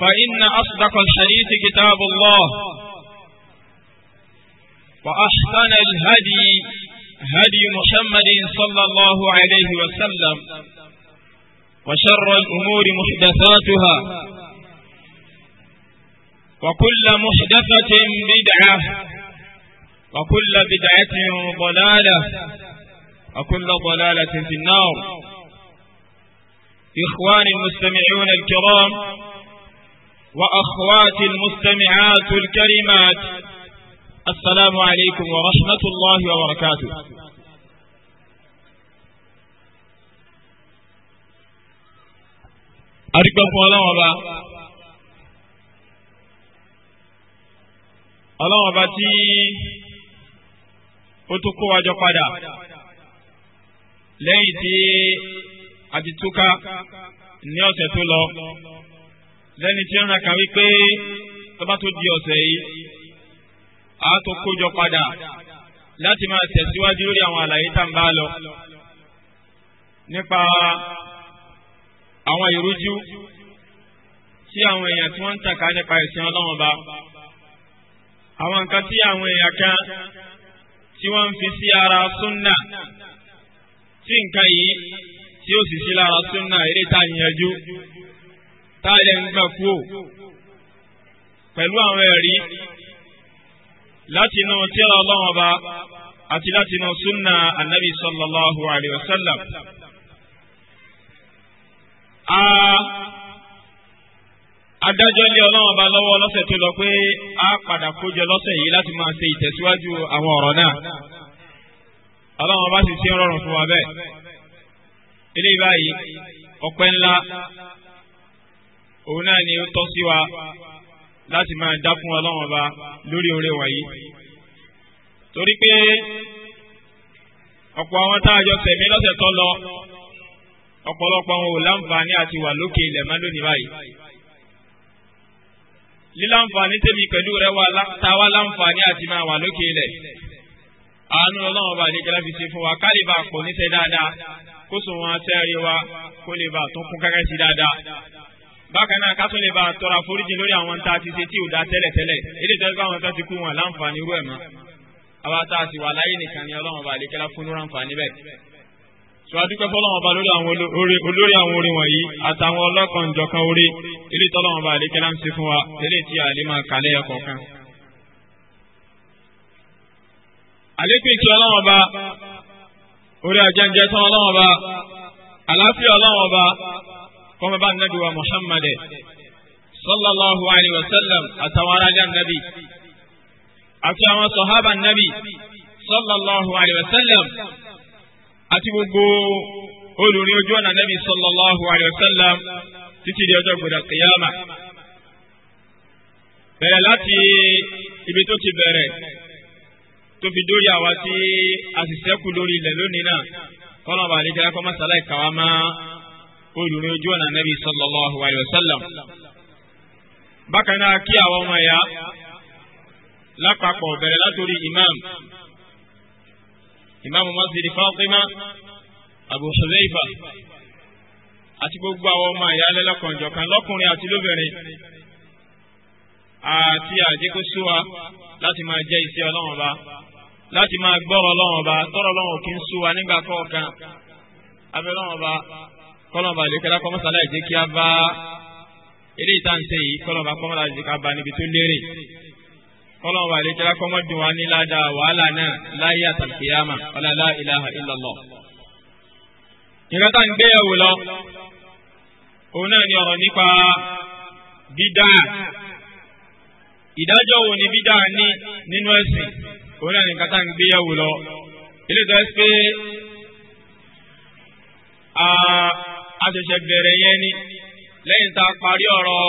فإن أصدق الحديث كتاب الله وأحسن الهدي هدي محمد صلى الله عليه وسلم وشر الأمور محدثاتها وكل محدثة بدعة وكل بدعة ضلالة وكل ضلالة في النار إخواني المستمعون الكرام وأخواتي المستمعات الكريمات السلام عليكم ورحمة الله وبركاته أرجو الله وبا الله وبا تي أتوكو وجقدا ليتي أتتوكا نيوتتو lẹ́ni tí ń ra kàwé pé tọ́ba tó di ọ̀sẹ̀ yìí a tó kójọ padà láti máa tẹ̀síwájú lórí àwọn àlàyé tá n bá lọ nípa àwọn ìrújú tí àwọn èèyàn tí wọ́n ń tàka nípa ẹ̀sìn ọlọ́wọ́n ba àwọn nǹkan tí àwọn èèyàn kan tí wọ́n ń fi sí ara súnà tí nǹkan yìí tí ó sì sí lára súnà eré tá a yanjú. táàdẹ̀ ń gbà pẹlụ pẹ̀lú àwọn ẹ̀rí láti inú tírà Ọlọ́run Ọba àti láti inú súnà ànábì sallallahu sallam. a adájọ́ lé Ọlọ́run Ọba lọ́wọ́ lọ́sẹ̀ tó lọ pé a padà kójọ lọ́sẹ̀ yìí láti máa ṣe ìtẹ̀síwájú àwọn ọ̀rọ̀ náà. Ọlọ́run Ọba sì ṣe ń òun náà ni ó tọ́ sí wa láti máa dá fún ọlọ́wọ́n ọba lórí oore wọ̀nyí torí pé ọ̀pọ̀ àwọn tá a jọ sẹ̀mí lọ́sẹ̀ tó lọ ọ̀pọ̀lọpọ̀ àwọn ò láǹfààní àti wà lókè ilẹ̀ mọ́ lónìí báyìí líláǹfààní tèmi pẹ̀lú rẹ wà táwa láǹfààní àti máa wà lókè ilẹ̀ àánú ọlọ́wọ́n ọba àdéjọ́lá fi ṣe fún wa kálíbà pọ̀ níṣẹ́ dáadáa kó sùn wọn aṣẹ́ rí kó lè bà tó kún kẹ́kẹ́ sí dáadáa bákan náà ká tún lè bá tọrọ àforíjì lórí àwọn tá a ti ṣe tí ò dá tẹ́lẹ̀tẹ́lẹ̀ èdè tó ń bá àwọn tó ti kú wọn láǹfààní irú ẹ̀ mọ́ àwa tá a sì wà láyé nìkan ni ọlọ́run ọba àlékẹ́lá fún ní ráǹfààní bẹ́ẹ̀. sọ adúpẹ́ fọlọ́run ọba lórí àwọn orin wọ̀nyí àtàwọn ọlọ́kan ìjọkan orí èdè tọ́lọ́run ọba àlékẹ́lá ń ṣe fún wa èdè tí a lè máa kàlẹ́ ẹ̀kọ́ kan. àlékún ìkí ọlọ́run ọba orí àjẹjẹ tán ọlọ́run ọba kọ́mọ bá nàbí wa Muhammad sallallahu alayhi wa sallam àtàwọn aráàlú nàbí àti àwọn sọ̀hábà nàbí sallallahu alayhi wa sallam àti gbogbo olùrí ojú ọ̀nà nàbí sallallahu alayhi wa sallam títí di ọjọ́ gbọdọ̀ kìyàmà. bẹ̀rẹ̀ láti ibi tó ti bẹ̀rẹ̀ tó fi dórí àwa tí a sì ṣẹ́kù lórí ilẹ̀ lónìí náà kọ́nà bàálí jẹ́ kọ́mọ́sálà ìkàwá máa olùrin ojú ọ̀nà nàbí sallallahu alayhi wa sallam. bákan náà kí àwọn ọmọ ẹ̀yà lápapọ̀ bẹ̀rẹ̀ látòrí imam imam masjid Fatima Abu Hudhayfa àti gbogbo àwọn ọmọ ẹ̀yà lẹ́lọ́kànjọ̀kan lọ́kùnrin àti lóbìnrin àti àjẹkóṣúwa láti máa jẹ́ iṣẹ́ ọlọ́wọ́n ba láti máa gbọ́rọ̀ ọlọ́wọ́n ba tọ́rọ̀ ọlọ́wọ́n kì í ṣúwa nígbà kọ̀ọ̀kan abẹ́ ọlọ́wọ́n ba kọlọmọba àdékẹlá kọmọsálà ìdí kí a bá eré ìtànṣe yìí kọlọmọba kọmọsálà ìdí ká bá níbi tó lérè kọlọmọba àdékẹlá kọmọdún wa ní ládàá wàhálà náà láyé àtàkìyàmà ọlọlá ilaha illallah. ìrẹ́ta ń gbéyàwó lọ òun náà ni ọ̀rọ̀ nípa bídà ìdájọ́ wo ni bídà ní nínú ẹ̀sìn òun náà ni kátà ń gbéyàwó lọ ilé ìtọ́ ẹ̀sìn pé a ṣẹ̀ṣẹ̀ bẹ̀rẹ̀ yẹn ni lẹ́yìn tá a parí ọ̀rọ̀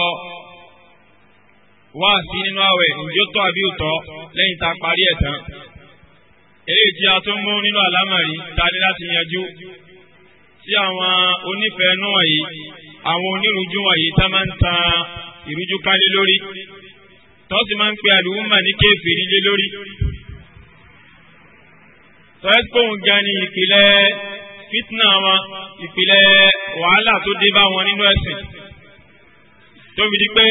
wá sí nínú àwẹ̀ ǹjẹ́ ó tọ́ àbí òtọ́ lẹ́yìn tá a parí ẹ̀ tán eléyìí tí a tún mú nínú àlámọ̀rí ta ni láti yanjú sí àwọn onífẹ̀ẹ́nú wọ̀nyí àwọn onírújú wọ̀nyí tá máa ń tan ìrújú kálé lórí tọ́sí máa ń pe àlùmọ́ ní kéfìrí lé lórí tọ́ẹ́sì pòun gan ni ìpìlẹ̀ fitna wọn ìpìlẹ̀ wàhálà tó dé bá wọn nínú ẹ̀sìn tó fi di pé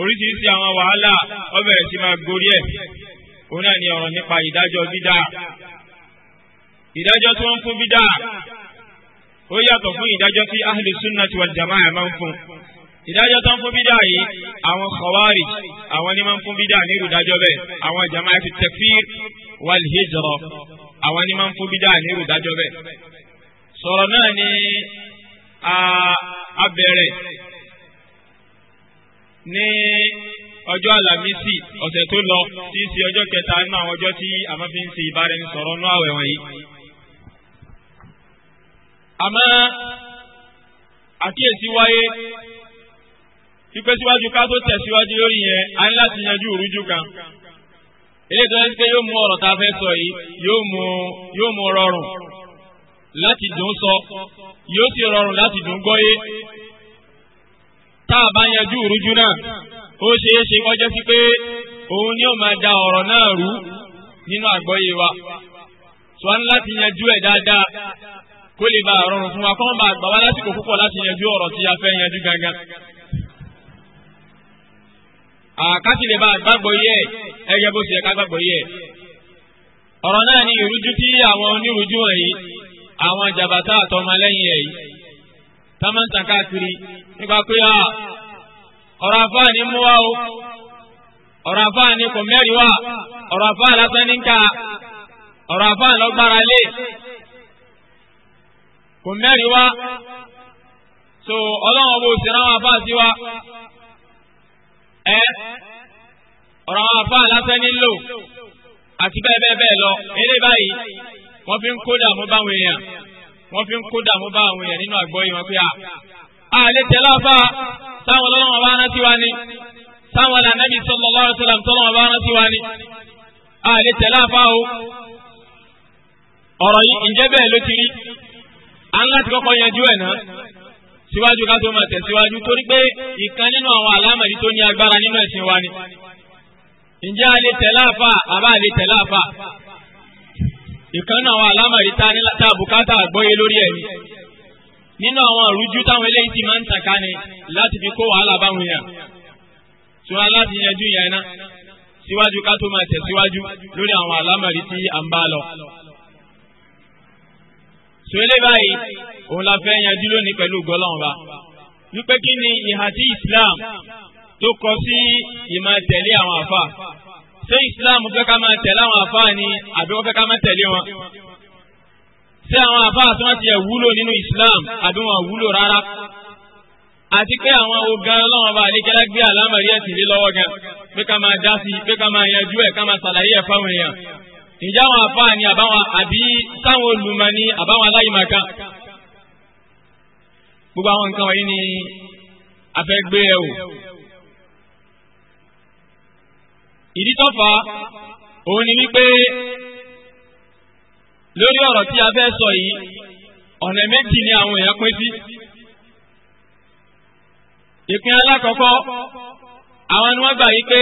oríṣiríṣi àwọn wàhálà ó bẹ̀rẹ̀ sí máa gorí ẹ̀ òun náà ni ọ̀rọ̀ nípa ìdájọ́ bídà ìdájọ́ tí wọ́n fún bídà ó yàtọ̀ fún ìdájọ́ tí ahlu sunnati wal jama'a máa ń fún ìdájọ́ tó ń fún bídà yìí àwọn kọ̀wárì àwọn ni máa ń fún bídà nírú ìdájọ́ bẹ́ẹ̀ àwọn jama'a fi takfir wal hijra àwọn ni máa ń fún bídà ní ìrùdájọ́ bẹ́ẹ̀. sọ̀rọ̀ náà ni a bẹ̀rẹ̀ ní ọjọ́ àlàmísì ọ̀sẹ̀ tó lọ tí í ṣe ọjọ́ kẹta nínú àwọn ọjọ́ tí a máa fi ń ṣe ìbáraẹnisọ̀rọ̀ nú àwẹ̀ wọ̀nyí. àmọ́ àkíyèsí wáyé wípé síwájú ká tó tẹ̀síwájú lórí yẹn a ní láti yanjú ìrújú kan eléyìí tó ń pé yóò mú ọ̀rọ̀ tá a fẹ́ sọ yìí yóò mú rọrùn láti dùn sọ yóò sì rọrùn láti dùn gbọ́yé tá a bá yanjú ìrújú náà ó ṣeé ṣe kọjá sí pé òun ni ó máa da ọ̀rọ̀ náà rú nínú àgbọ́yé wa sọ láti yanjú ẹ̀ dáadáa kó lè bá rọrùn fún wa kó má gbà wá lásìkò púpọ̀ láti yanjú ọ̀rọ̀ tí a fẹ́ yanjú gangan àkásílẹ̀ bá gbàgbọ́ yẹ ẹgẹ bó ṣe ká gbàgbọ́ yẹ. ọ̀rọ̀ náà ni ìrújú tí àwọn onírújú wọ̀nyí àwọn jàbátá àtọmọlẹ́yìn ẹ̀ yìí tá máa ń tàn káàkiri nípa pé ọ̀rọ̀ àfáàní mú wá o ọ̀rọ̀ àfáàní kò mẹ́rin wá ọ̀rọ̀ àfáà lásán ní ká ọ̀rọ̀ àfáà lọ́gbára lé kò mẹ́rin wá so ọlọ́run ọba òsì ráwọn àfáà sí wa ẹ́ ọ̀rọ̀ àwọn afá lásán nílò àti bẹ́ẹ̀ bẹ́ẹ̀ bẹ́ẹ̀ lọ eré báyìí wọ́n fi ń kó dààmú báwọn èèyàn wọ́n fi ń kó dààmú báwọn èèyàn nínú àgbọ́yé wọn pé à á lè tẹ̀lé afá sáwọn ọlọ́wọ́n bá rántí wa ni sáwọn lànàbí sallallahu alaihi wasallam tọ́lọ́wọ́n bá rántí wa ni á lè tẹ̀lé afá o ọ̀rọ̀ yìí ǹjẹ́ bẹ́ẹ̀ ló ti rí à ń láti kọ́kọ́ yanjú ẹ̀ náà síwájú ká tó máa tẹ̀síwájú torí pé ìkan nínú àwọn àlámọ̀rí tó ní agbára nínú ẹ̀sìn wa ni. ǹjẹ́ a lè tẹ̀lé àfà àbá lè tẹ̀lé àfà? ìkan nínú àwọn àlámọ̀rí tá a bùkátà àgbọ́yé lórí ẹ̀ ni. nínú àwọn ìrújú táwọn eléyìí ti máa ń tàn ká ni láti fi kó wàhálà báwọn èèyàn. sọ́ra láti yanjú yẹn ná síwájú ká tó máa tẹ̀síwájú lórí àwọn àlámọ̀rí tí à ń bá lọ sọ eléyìí báyìí òun la fẹ́ yanjú lónìí pẹ̀lú gọlọ́ọ̀ba wípé kí ni ìhà tí Islam tó kọ sí ìmọ̀ tẹ̀lé àwọn àfa ṣé Islam fẹ́ ká máa tẹ̀lé àwọn àfa ni àbí wọ́n fẹ́ ká máa tẹ̀lé wọn ṣé àwọn àfa àti wọn ti ẹ̀ wúlò nínú Islam àbí wọn wúlò rárá àti pé àwọn ogan ọlọ́run bá àlékẹ́lá gbé àlámọ̀rí ẹ̀sìn lé lọ́wọ́ gan pé ká máa dá sí pé ká máa yanjú ẹ̀ ká máa ṣàlàyé ẹ̀ fáwọn èèyàn ǹjẹ́ àwọn àfáà ni àbáwọn àbí sáwọn olùmọ̀ ni àbáwọn aláìmọ̀ká gbogbo àwọn nǹkan wọ̀nyí ni afẹ́gbé ẹ̀ o ìdí tọ́fà òun ni wípé lórí ọ̀rọ̀ tí a fẹ́ sọ yìí ọ̀nà méjì ni àwọn èèyàn pín sí ìpín alákọ̀ọ́kọ́ àwọn ni wọ́n gbà yí pé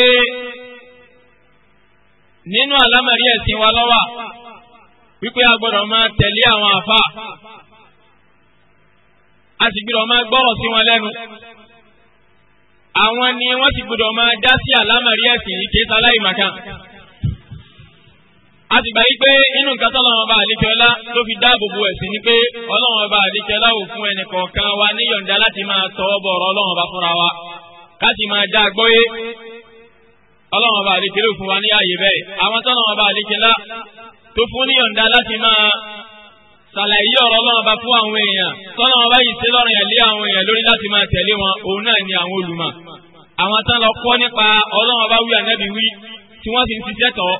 nínú àlámọ̀rí ẹ̀sìn wa lọ́wà wípé a gbọ́dọ̀ máa tẹ̀lé àwọn àfa a sì gbọ́dọ̀ máa gbọ́rọ̀ sí wọn lẹ́nu àwọn ni wọ́n sì gbọ́dọ̀ máa dá sí àlámọ̀rí ẹ̀sìn yìí kì Maka. a sì gbà yí pé inú nǹkan tó lọ́wọ́ bá fi dáàbò bo ẹ̀sìn ni pé ọlọ́wọ́ bá ò fún ẹnì wa níyọ̀ǹda láti máa ọlọ́wọ́ bá fúnra wa ká sì máa dá a ọlọ́run ọba àlekè ló fún wa ní ààyè bẹ́ẹ̀ àwọn tọ́nà ọba àlekè lá tó fún níyọ̀ǹda láti máa ṣàlàyé ọ̀rọ̀ ọlọ́run ọba fún àwọn èèyàn tọ́nà ọba yìí ṣe lọ́rùn yẹn àwọn èèyàn lórí láti máa tẹ̀lé wọn òun náà ni àwọn olùmọ̀ àwọn tán lọ kọ́ nípa ọlọ́run ọba wí ànábì wí tí wọ́n fi ń ṣiṣẹ́ tọ́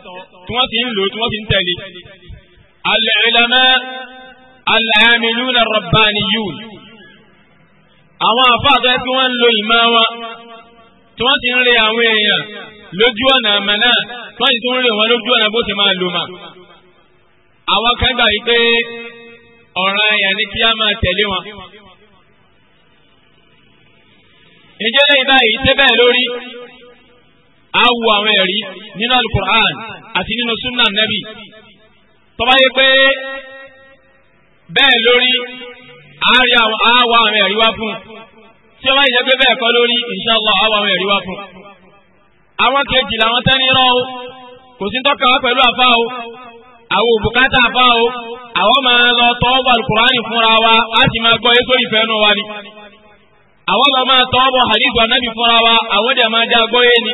tí wọ́n fi ń lò tí wọ́n fi ń tẹ̀lé. al-ulama al-amiluna ar-rabbaniyun àwọn àfáà tó yẹ wọ́n ń lo ìmọ̀ wọn tí wọ́n ti ń re àwọn èèyàn lójú ọ̀nà àmàna tọ́yìn tó ń rè wọn lójú ọ̀nà bó ti máa lò mà. àwọn kan gbà yí pé ọ̀ràn àyà ni kí á máa tẹ̀lé wọn. ìjẹ́ lẹ́yìn báyìí ṣé bẹ́ẹ̀ lórí a àwọn ẹ̀rí nínú alukur'an àti nínú sunna nabi tọ́ba yẹ pé bẹ́ẹ̀ lórí a àwọn ẹ̀rí wá fún tí wọ́n bá yẹ pé bẹ́ẹ̀ kọ́ lórí inshallah a àwọn ẹ̀rí wá fún àwọn kejì làwọn tán ní rán o kò sí tọ́ka wá pẹ̀lú àfa o àwọn òbúkátà àfa o àwọn máa lọ tọ́wọ́ alukurani fúnra wa a sì máa gbọ́ yéṣọ́ ìfẹ́ nù wa ni àwọn lọ máa tọ́wọ́ hadith anabi fúnra wa àwọn dẹ̀ máa já gbọ́ yé ni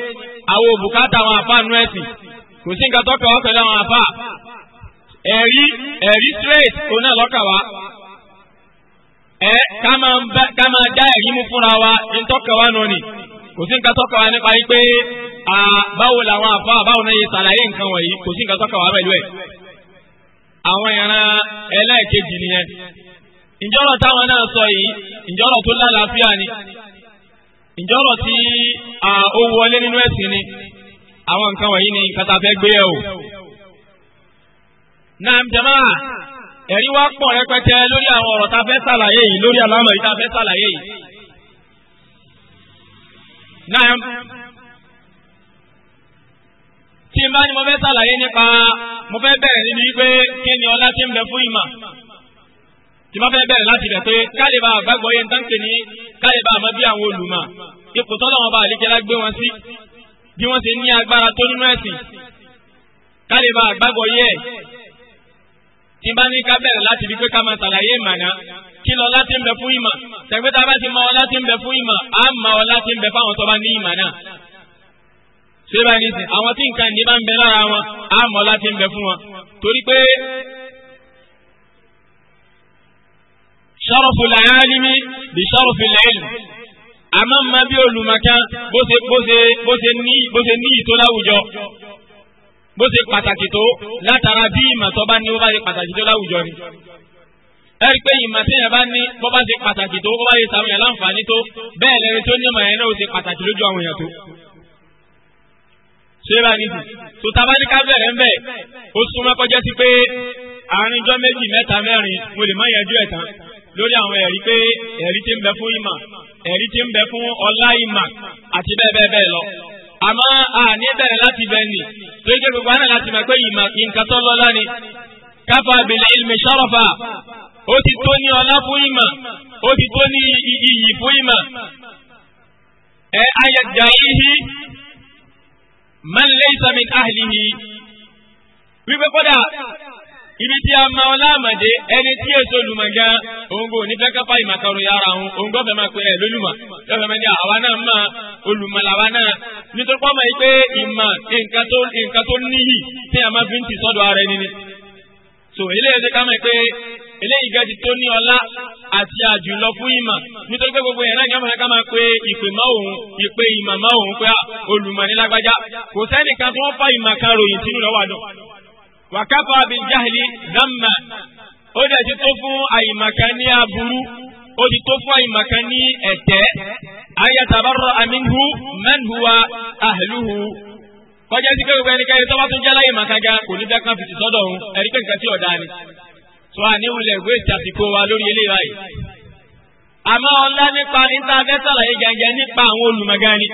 àwọn òbúkátà àwọn àfa nù ẹ̀sìn kò sí nǹkan tọ́ka wá pẹ̀lú àwọn àfa ẹ̀rí ẹ̀rí straight oná lọ́kà wa ẹ̀ ká máa dá ẹ̀rí mú fúnra wa ń tọ́ka wa nù ni kò sí nǹkan tọ́ka wa nípa yìí pé báwo làwọn àfa báwo náà yẹ sàlàyé nǹkan wọ̀nyí kò sí nǹkan tọ́ka wa pẹ̀lú ẹ̀. àwọn ìran ẹlẹ́ẹ̀kejì nìyẹn ìjọ́rọ̀ táwọn náà sọ yìí ìjọ́rọ̀ tó lálàáfíà ni ìjọ́rọ̀ tí ó wọlé nínú ẹ̀sìn ni àwọn nǹkan wọ̀nyí ni nǹkan tá a fẹ́ gbé ẹ̀ o. naam jamaa ẹ̀rí wa pọ̀ rẹpẹtẹ lórí àwọn ọ̀rọ̀ tá a fẹ́ sàlàyé yìí lórí àlámọ̀ yìí náà tí n bá ní mo fẹ́ sàlàyé nípa mo fẹ́ bẹ̀rẹ̀ níbi pé kí ni ọlá tí ń bẹ fún ìmọ̀ tí mo fẹ́ bẹ̀rẹ̀ láti rẹ̀ pé kálíbà àgbàgbọ́ yẹn tán pè ní kálíbà àmọ́ bí àwọn olùmọ̀ ipò tọ́lọ̀ wọn bá àlékẹ́lá gbé wọn sí bí wọ́n ṣe ní agbára tó nínú ẹ̀sìn kálíbà àgbàgbọ́ yẹ tí bá ní ká bẹ̀rẹ̀ láti rí pé ká máa sàlàyé ìmọ̀ náà kí lọ láti ń bẹ fún ìmọ̀ tẹ̀gbẹ́ta bá ti mọ ọ láti ń bẹ fún ìmọ̀ á mọ ọ láti ń bẹ fáwọn tó bá ní ìmọ̀ náà ṣé báyìí nìsín àwọn tí nǹkan ní bá ń bẹ lára wọn á mọ ọ láti ń bẹ fún wọn torí pé ṣọ́rọ̀fù làálímí bí ṣọ́rọ̀fù làálímí àmọ́ mọ bí olùmọ̀kan bó ṣe ní bó láwùjọ bó ṣe pàtàkì tó látara bí ìmọ̀ tó bá ní ó bá ṣe pàtàkì tó láwùjọ ni ẹ̀rí pé ìmọ̀ tí yẹn bá ní bó bá ṣe pàtàkì tó bó bá lè sàwọn yẹn láǹfààní tó bẹ́ẹ̀ lẹ́ni tó ní ìmọ̀ yẹn náà ó ṣe pàtàkì lójú àwọn èèyàn tó. ṣé bá níbi tó tabaríkà bẹ̀rẹ̀ ń bẹ̀ ó súnmọ́ kọjá sí pé àárín ọjọ́ méjì mẹ́ta mẹ́rin mo lè má yanjú ẹ̀ tán lórí àwọn ẹ̀rí pé ẹ̀rí ti ń bẹ fún ìmọ̀ ẹ̀rí ti ń bẹ fún ọlá ìmọ̀ àti bẹ́ẹ̀ bẹ́ẹ̀ bẹ́ẹ̀ lọ àmọ́ àní bẹ̀rẹ̀ láti bẹ̀ ni tó yẹ gbogbo àná láti mọ̀ pé ìmọ̀ nǹkan tó lọ́lá ni káfà bìlẹ̀ ilmi ṣarafa ó ti tó ní ọlá fún ìmọ̀ ó ti tó ní iyì fún ìmọ̀ ẹ ayẹjà yìí man laysa min ahlihi wípé kódà ibi tí a máa ọlámàdé ẹni tí èso lùmọ̀gá òun kò ní fẹ́ẹ́ kápá ìmàkàrò yàrá òun òun gbọ́fẹ́ máa pèrè lólùmọ̀ lọ́fẹ́ máa ní àwa náà máa olùmọ̀làwa náà nítorí pọ́ máa yí pé ìmọ̀ nǹkan tó níyì tí a máa fi ń ti sọ́dọ̀ ara ẹni ni. so ilé ẹ̀ṣẹ̀ ká máa pé eléyìí gan ti tó ní ọlá àti àjùlọ fún ìmọ̀ nítorí pé gbogbo yẹn náà ní ọmọdé ká máa pe ìpè mọ́ òun ìpè ìmọ̀ mọ́ òun pé ah, olùmọ̀ ní lágbájá kò sẹ́nìkan tí wọ́n fa ìmọ̀ kan ròyìn sínú lọ́wọ́ àdùn. wàkàfà abijahili dhamma ó dẹ̀ ti tó fún àyìmọ̀kan ní aburú ó ti tó fún àyìmọ̀kan ní ẹ̀tẹ́ ayatabarra aminhu man ahluhu kọjá sí pé gbogbo ẹnikẹ́ni tó bá tún jẹ́ láyìmọ̀kan tó a ní wulẹ̀ gbé ìtàsíkò wa lórí ilé wa yìí. àmọ́ ọlá nípa níta fẹ́ sàlàyé gẹ́gẹ́ nípa àwọn olùmọ̀gánni.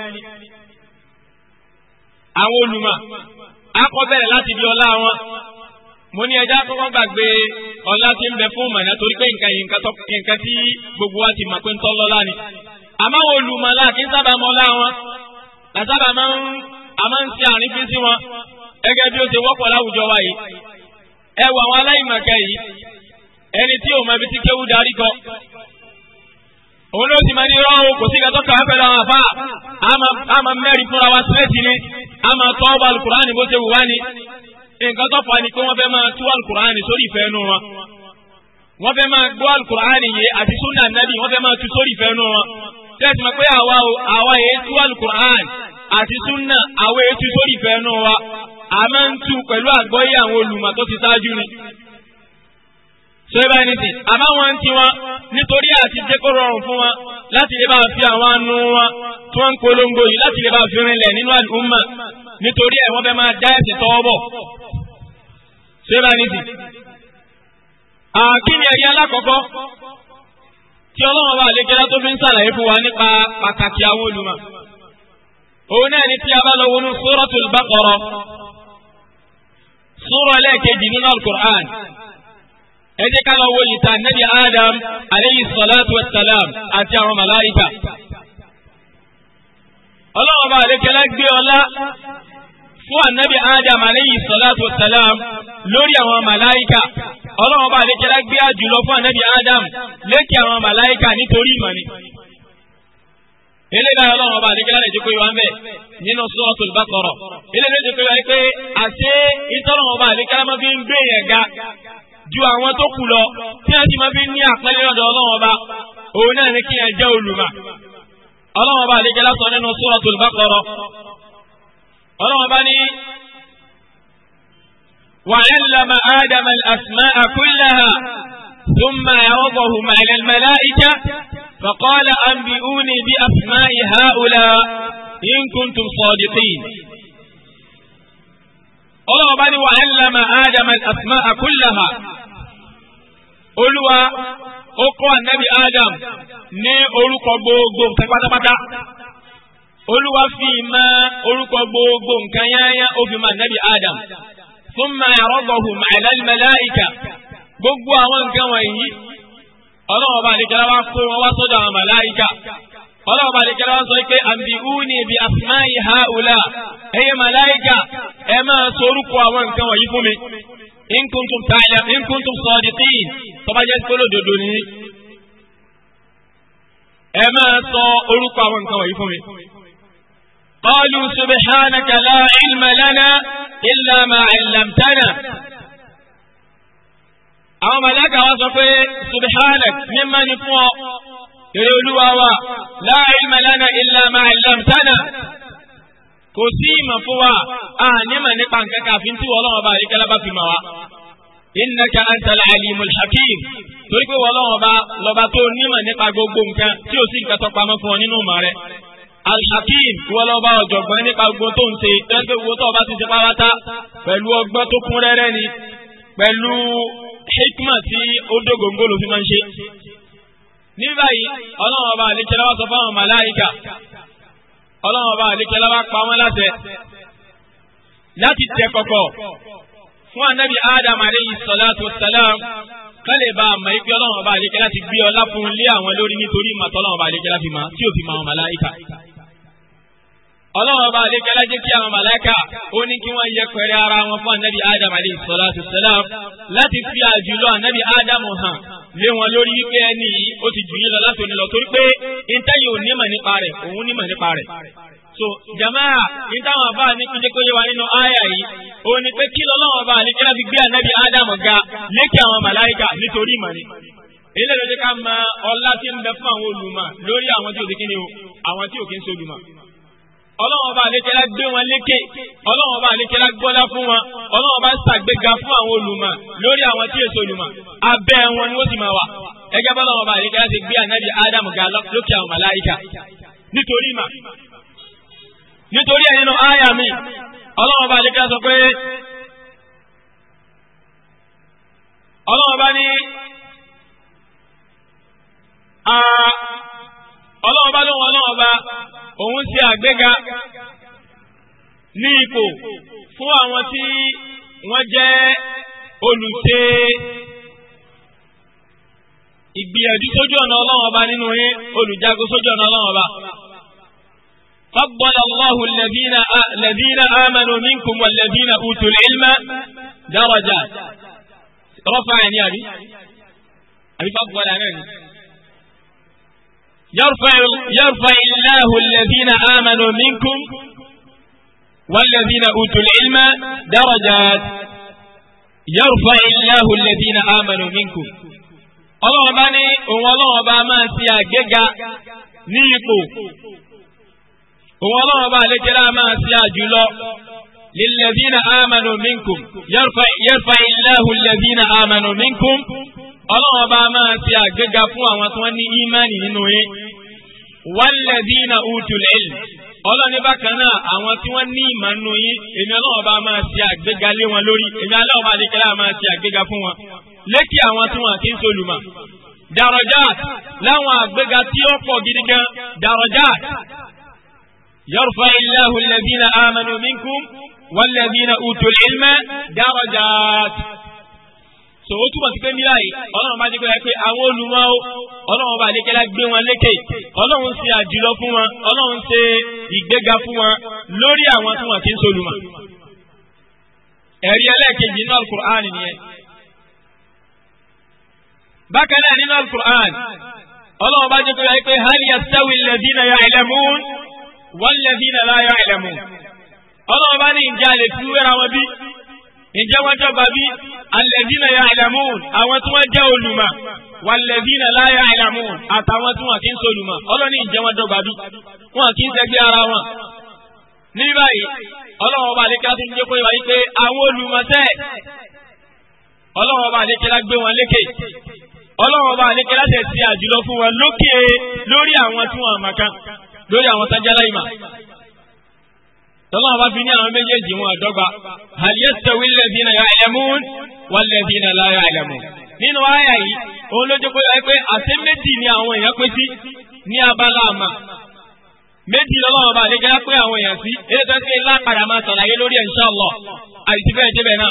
àwọn olùmọ̀ akọ́bẹ̀rẹ̀ láti di ọlá wọn. mo ní ẹja tó wọ́n gbàgbé ọlá tí ń bẹ fún mọ̀nà torí pé nǹkan yìí nǹkan tí gbogbo wa ti mọ̀ pé ń tọ́ lọ́lá ni. àmọ́ àwọn olùmọ̀ láàkí sábà mọ́ ọlá wọn làsábà máa ń ṣe àrífín sí wọn gẹ́gẹ́ bí ó ṣe wọ́pọ̀ láwùjọ wa yìí ẹ wà àwọn aláìmọ̀kẹ́ yìí ẹni tí ò mọ ibi tí kéwú darí kọ òun ló sì máa ní rọ́ọ̀ kò sí ìgbàtọ́ kan pẹ̀lú àwọn àfá àmà mẹ́rin fúnra wa sílẹ̀tì ni àmà tọ́ ọba alukùránì bó ṣe wù wá ni nǹkan tó fà ní pé wọ́n fẹ́ máa tú alukùránì sórí ìfẹ́ inú wọn wọ́n fẹ́ máa gbọ́ alukùránì yìí àti súnà nàbì wọ́n fẹ́ máa tú sórí ìfẹ́ inú wọn tẹ́sí ma pé àwa èé tú alukùránì àti súnà àwa èé tú sórí ìfẹ́ inú wa a máa ń tú pẹ̀lú àgbọ́yé àwọn olùmọ̀ tó ti ṣáájú ni. sọ ibà ní sìn àmọ́ wọn ti wọn nítorí àti jẹ́ kó rọrùn fún wọn láti lè bá fi àwọn anu wọn tí wọ́n ń polongo yìí láti lè bá fi rinlẹ̀ nínú àlùmọ̀ nítorí ẹ̀ wọ́n fẹ́ máa dá ẹ̀sìn tọ́wọ́ bọ̀. sọ ibà ní sìn. àkíní ẹ̀yẹ alákọ̀ọ́kọ́ tí ọlọ́run bá lè jẹ́lá tó fi ń sàlàyé fún wa nípa pàtàkì àwọn olùmọ̀. òun náà ni tí a bá lọ wọnú Suratul Baqara súra ẹlẹ́ẹ̀kejì nínú alukur'an ẹ jẹ́ ká lọ wo ìta nabi adam aleyhi salatu wa salam àti àwọn malaika ọlọ́wọ́ba àlékẹ́lá gbé ọlá fún ànábì adam aleyhi salatu wa salam lórí àwọn malaika ọlọ́wọ́ba àlékẹ́lá gbé àjùlọ fún ànábì adam lékè àwọn malaika nítorí ìmọ̀ ni eléyìí báyọ̀ lọ́wọ́ bá nígbà lè dúpẹ́ wọn bẹ́ẹ̀ nínú Suratul Baqara eléyìí lè dúpẹ́ wọn pé àṣé ìtọ́lọ́wọ́ bá nígbà máa fi ń gbé yẹn ga ju àwọn tó kù lọ tí wọ́n ti máa fi ní àpẹẹrẹ ọ̀dọ̀ ọlọ́wọ́ bá òun náà ní kí yẹn jẹ́ olùmọ̀ ọlọ́wọ́ bá nígbà lásọ nínú Suratul Baqara bá ní وعلم فقال أنبئوني بأسماء هؤلاء إن كنتم صادقين الله بني وعلم آدم الأسماء كلها olúwa أقوى النبي آدم. adam ní orúkọ gbogbo nǹkan pátápátá olúwa fi mọ orúkọ gbogbo nǹkan yányá ó fi mọ ànábì adam thumma yaradahu ma'ala al-malaika gbogbo àwọn nǹkan wọ̀nyí ọlọ́wọ́ bá àlejò wá kó wọn wá sọ́dọ̀ àwọn màláìka ọlọ́wọ́ bá àlejò wá sọ pé àǹbíúni bí asmáì ha ùlà ẹ̀yẹ màláìka ẹ máa sorúkọ àwọn nǹkan wọ̀nyí fún mi in kuntum ta'lam in kuntum sadiqin tó bá jẹ́ kólódodo ni ẹ máa sọ orúkọ àwọn nǹkan wọ̀nyí fún mi. qalu subhanaka la ilma lana illa ma 'allamtana àwọn màláíkà wá sọ pé subhanak mímọ́ ni fún ọ eré olúwa wa la ilma lana illa ma 'allamtana kò sí ìmọ̀ fún wa a nímọ̀ nípa nǹkan káfíń tí wọ́n lọ́wọ́ bá rí kẹ́lá bá fi mọ̀ wa. innaka antal alimul hakim torí pé wọ́n lọ́wọ́ bá lọ́ba tó nímọ̀ nípa gbogbo nǹkan tí ò sí nǹkan tó pamọ́ fún ọ nínú ìmọ̀ rẹ̀. alhakim wọ́n lọ́wọ́ bá ọ̀jọ̀gbọ́n nípa gbogbo tó ń hikma tí ó dógóńgó ló fi máa ń ṣe. ní báyìí ọlọ́run ọba àlékẹ́lá wá sọ fáwọn màláìka ọlọ́run ọba àlékẹ́lá wá pa wọ́n láṣẹ láti tẹ kọ̀kọ̀ fún anabi adam aleyhi salatu salam kálẹ̀ bá a mọ̀ ipe ọlọ́run ọba àlékẹ́lá ti gbé ọlá fún lé àwọn lórí nítorí ìmọ̀tọ́ ọlọ́run ọba àlékẹ́lá fi mọ̀ tí ò fi mọ̀ àwọn màláìka ọlọ́run ọba àdékẹ́lá jẹ́ kí àwọn màláíkà ó ní kí wọ́n yẹ pẹ̀rẹ́ ara wọn fún ànábì adam alayhi salatu salam láti fi àjùlọ ànábì adam hàn lé wọn lórí wípé ẹni yìí ó ti jù yín lọ láti òní lọ torí pé ìtẹ́yìn ò nímọ̀ nípa rẹ̀ òun nímọ̀ nípa rẹ̀. so jamaa ìtàwọn ọba ní kí wa nínú àyà yìí ó ní pé kí lọ́lọ́run ọba àdékẹ́lá fi gbé ànábì adam ga lékè àwọn màláíkà nítorí ìmọ̀ ni ilé ìlú ká máa ọlá tí ń bẹ fún àwọn olùmọ̀ lórí àwọn tí òkè ń ṣe olùmọ̀ ọlọ́wọ́n bá àlékẹ́lá gbé wọn lékè ọlọ́wọ́n bá àlékẹ́lá gbọ́lá fún wọn ọlọ́wọ́n bá ṣàgbéga fún àwọn olùmọ̀ lórí àwọn tí èso olùmọ̀ abẹ́ wọn ni ó sì máa wà ẹgẹ́ bá ọlọ́wọ́n bá àlékẹ́lá ti gbé ànábì Adam ga lókè àwọn màláìka nítorí mà nítorí ẹ̀ nínú àyà mi ọlọ́wọ́n bá àlékẹ́lá sọ pé ọlọ́wọ́n bá ní ọlọ́wọ́n bá lóhun ọlọ́wọ́n bá òun ṣe àgbéga ní ipò fún àwọn tí wọ́n jẹ́ olùṣe ìgbìyànjú sójú ọ̀nà ọlọ́run ọba nínú yín olùjagun sójú ọ̀nà ọlọ́run ọba. فضل الله الذين الذين آمنوا منكم والذين أوتوا العلم درجات رفع يعني أبي أبي فضل يعني يرفع يرفع الله الذين آمنوا منكم والذين أوتوا العلم درجات يرفع الله الذين آمنوا منكم الله bá والله òun ọlọ́run bá máa ti àgbéga ní ipò ما سيا جلو للذين آمنوا منكم يرفع, يرفع الله الذين آمنوا منكم ọlọ́run ọba máa ti àgbéga fún àwọn tí wọ́n ní ímánì nínú yín walladhina utul ilm ọlọ́run ní bákan náà àwọn tí wọ́n ní ìmọ̀ nínú yín èmi ọlọ́run ọba máa ti àgbéga lé wọn lórí èmi ọlọ́run ọba adékẹ́lá máa ti àgbéga fún wọn lékè àwọn tí wọ́n kì í solùmọ̀ darajat láwọn àgbéga tí ó pọ̀ gidi gan darajat yarfa illahu alladhina amanu minkum walladhina utul so ó túbọ̀ sí pé ti gbé pé àwọn o ọlọ́run bá gbé wọn lékè wọn ọlọ́run ṣe ìgbéga fún wọn lórí àwọn tí wọn ti ń ẹ̀rí ẹlẹ́ẹ̀kejì nínú alukur'an nìyẹn bákan náà nínú alukur'an ọlọ́run bá pé hali ǹjẹ́ wọ́n jọba bí alẹ́dínà ya ìlàmùn àwọn tí wọ́n jẹ́ olùmọ̀ wàlẹ́dínà láyà ìlàmùn àtàwọn tí wọ́n kì í ṣe olùmọ̀ ọlọ́ni ǹjẹ́ wọ́n jọba bí wọ́n kì í ṣẹgbẹ́ ara wọn. ní báyìí ọlọ́wọ́ bá lékè láti jẹ́ pé wáyé pé àwọn olùmọ̀ tẹ́ ọlọ́wọ́ bá lékè lá gbé wọn lékè ọlọ́wọ́ bá lékè láti ṣe àjùlọ fún wọn lókè lórí àwọn tí wọ́n àmàkan lórí àwọn tájálá ìmà tọ́lá bá fi ní àwọn méjèèjì wọn àdọ́gba hal yastawi alladhina ya'lamun walladhina la ya'lamun. nínú àyà yìí òun ló jẹ́ pé àṣẹ méjì ni àwọn èèyàn pé sí ní abala àmà méjì lọ́lọ́wọ́ bá àlejò pé àwọn èèyàn sí eré tó ń pè lápàdà máa ṣàlàyé lórí insha Allah àìsí bẹ́ẹ̀ débẹ̀ náà.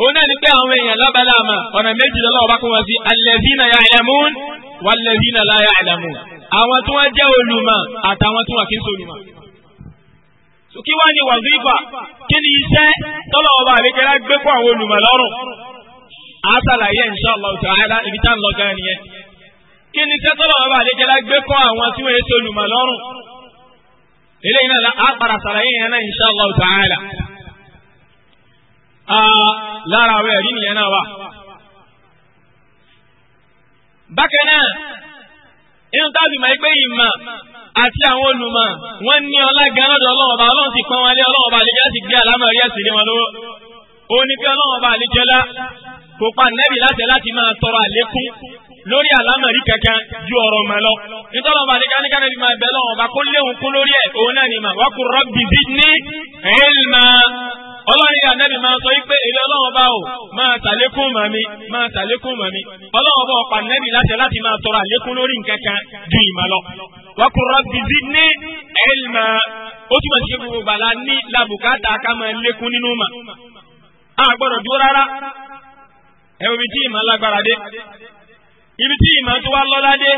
òun náà ni pé àwọn èèyàn lábala àmà ọ̀nà méjì lọ́lọ́wọ́ àwọn tí wọ́n kí wá ní wàzífà kí ni iṣẹ́ tọ́lọ̀ ọba àbíkẹ́lá gbé fún àwọn olùmọ̀ lọ́rùn á ṣàlàyé insha Allah ta'ala ibi tá ń lọ gan nìyẹn kí ni iṣẹ́ tọ́lọ̀ ọba àbíkẹ́lá gbé fún àwọn tí wọ́n ṣe olùmọ̀ eléyìí náà á padà ṣàlàyé yẹn náà insha Allah ta'ala lára àwọn ẹ̀rí nìyẹn náà wà. bákan náà inú tábìmọ̀ ẹgbẹ́ ìmọ̀ àti àwọn olùmọ̀ wọ́n ní ọlá gan lọ́dọ̀ ọlọ́ọ̀bá ọlọ́run ti pọ́n wọn lé ọlọ́ọ̀bá àlejò láti gbé àlámọ̀rí ẹ̀sìn lé wọn lọ́wọ́ ó ní pé ọlọ́ọ̀bá àlejò lá kò pa nẹ́bì láti láti máa tọrọ àlékún lórí àlámọ̀rí kankan ju ọ̀rọ̀ mọ̀ lọ nítorí ọba àlejò ní kánẹ́bì máa bẹ̀ lọ́wọ́ ọba kó léwu kú lórí ẹ̀ òun náà ni mà wákùrọ̀ bìbí ní ẹ̀ẹ́lì máa ọlọ́rin ànábì máa sọ wípé èlé ọlọ́run bá ọ máa tàlékún mami mi máa tàlékún mọ̀ mi ọlọ́run bá ọ̀pá ànábì láti láti máa tọrọ àlékún lórí nǹkan kan ju ìmọ̀ lọ. wákùn ó túmọ̀ sí gbogbo bàlá ní làbùkátà ká máa lékún nínú mà. a gbọ́dọ̀ dúró rárá ẹ tí ibi tí ìmọ̀ tó wá ara rẹ̀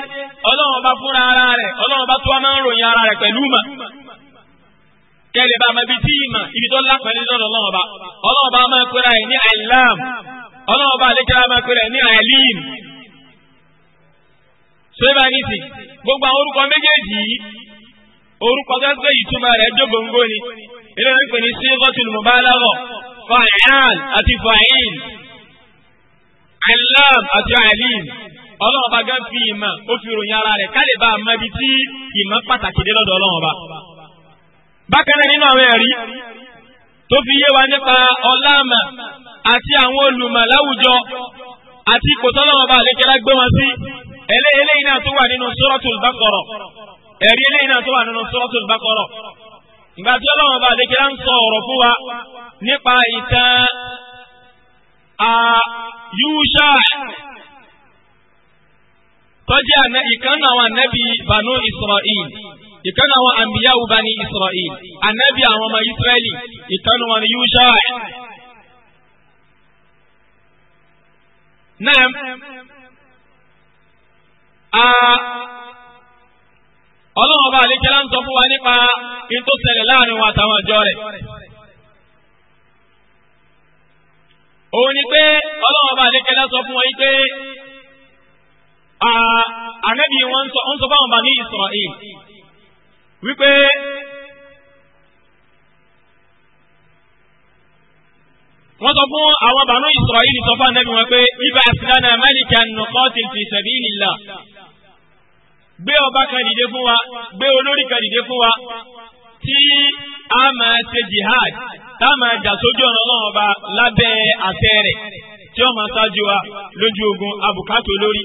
ọlọ́run bá tó wá máa ń kẹ́lẹ̀ bá máa bí tí ìmọ̀ ibi tó lápẹ̀lẹ́ lọ́dọ̀ ọlọ́ọ̀ba ọlọ́ọ̀ba máa pẹ́ra ọba ní àìlám ọlọ́ọ̀ba àlékẹ́lá máa pẹ́ra ẹ̀ ní àìlín sọ́yìnbá ní ti gbogbo àwọn orúkọ méjèèjì yìí orúkọ ni ilé wọn pè ní sígọ́tù mọ̀bálàwọ̀ fàáyàn àti fàáyìn àìlám àti àìlín ọlọ́ọ̀ba gán fi ìmọ̀ ó fi ròyìn ara rẹ̀ kálíbà máa bí tí ìmọ̀ pàtàkì dé bákan náà nínú àwọn ẹ̀rí tó fi yé wa nípa ọláàmà àti àwọn olùmọ̀ láwùjọ àti ipò tọ́lọ́wọ́ bá àlékẹ́lá gbé wọn sí eléyìí náà tó wà nínú Suratul Baqara ẹ̀rí eléyìí náà tó wà nínú Suratul Baqara ìgbà tí wa nípa ìtàn tọ́jú ìkànnà Banu ìkànnì àwọn àmbíyáwó bá ní Israel ànábì àwọn ọmọ Israẹli ìkànnì wọn ni Yusha. Naam ọlọ́run ọba àlejò láǹtọ́ fún wa nípa ètò ṣẹlẹ̀ láàrin wọn àtàwọn ọjọ́ rẹ̀. òun ni pé ọlọ́run ọba àlejò láǹtọ́ fún wa pé ànábì wọn ń sọ fáwọn bá ní Israel wípé wọ́n sọ fún àwọn bànú Israeli sọ fún ànábì wọn pé ibà àsìlánà amẹ́ríkà nuqatil fi sabilillah gbé ọba kan dìde fún wa gbé olórí kan dìde fún wa tí a máa ṣe jihad tá a máa jà sójú ọ̀nà náà ọba lábẹ́ àṣẹ rẹ̀ tí wọ́n máa ṣáájú wa lójú ogun abùkátò lórí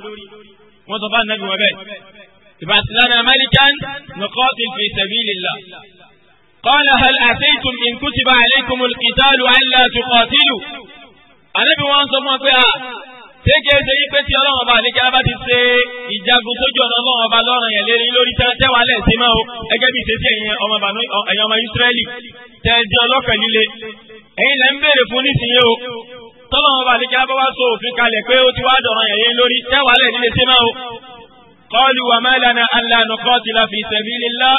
wọ́n sọ fún ànábì wọn bẹ́ẹ̀. ابعث لنا ملكا نقاتل في سبيل الله قال هل أتيتم إن كتب عليكم القتال ألا تقاتلوا النبي وانصر ما فيها tẹ́kẹ́ ṣe yí pé tí ọlọ́run ọba àlejò bá ti ṣe ìjagun sójú ọ̀nà ọlọ́run ọba lọ́rùn yẹn lérí lórí tẹ́wàá lẹ́sẹ̀ máa o gẹ́gẹ́ bí ìṣesí ẹ̀yin ọmọ Ísírẹ́lì tẹ́ẹ̀dì ọlọ́fẹ̀ líle ẹ̀yin lẹ́ ń béèrè fún nísìnyí o tọ́lọ́run ọba àlejò bá wá so òfin kalẹ̀ pé ó ti wá dọ̀ràn yẹn lórí tẹ́wàá lẹ́sẹ̀ máa o قالوا وما لنا ألا نقاتل في سبيل الله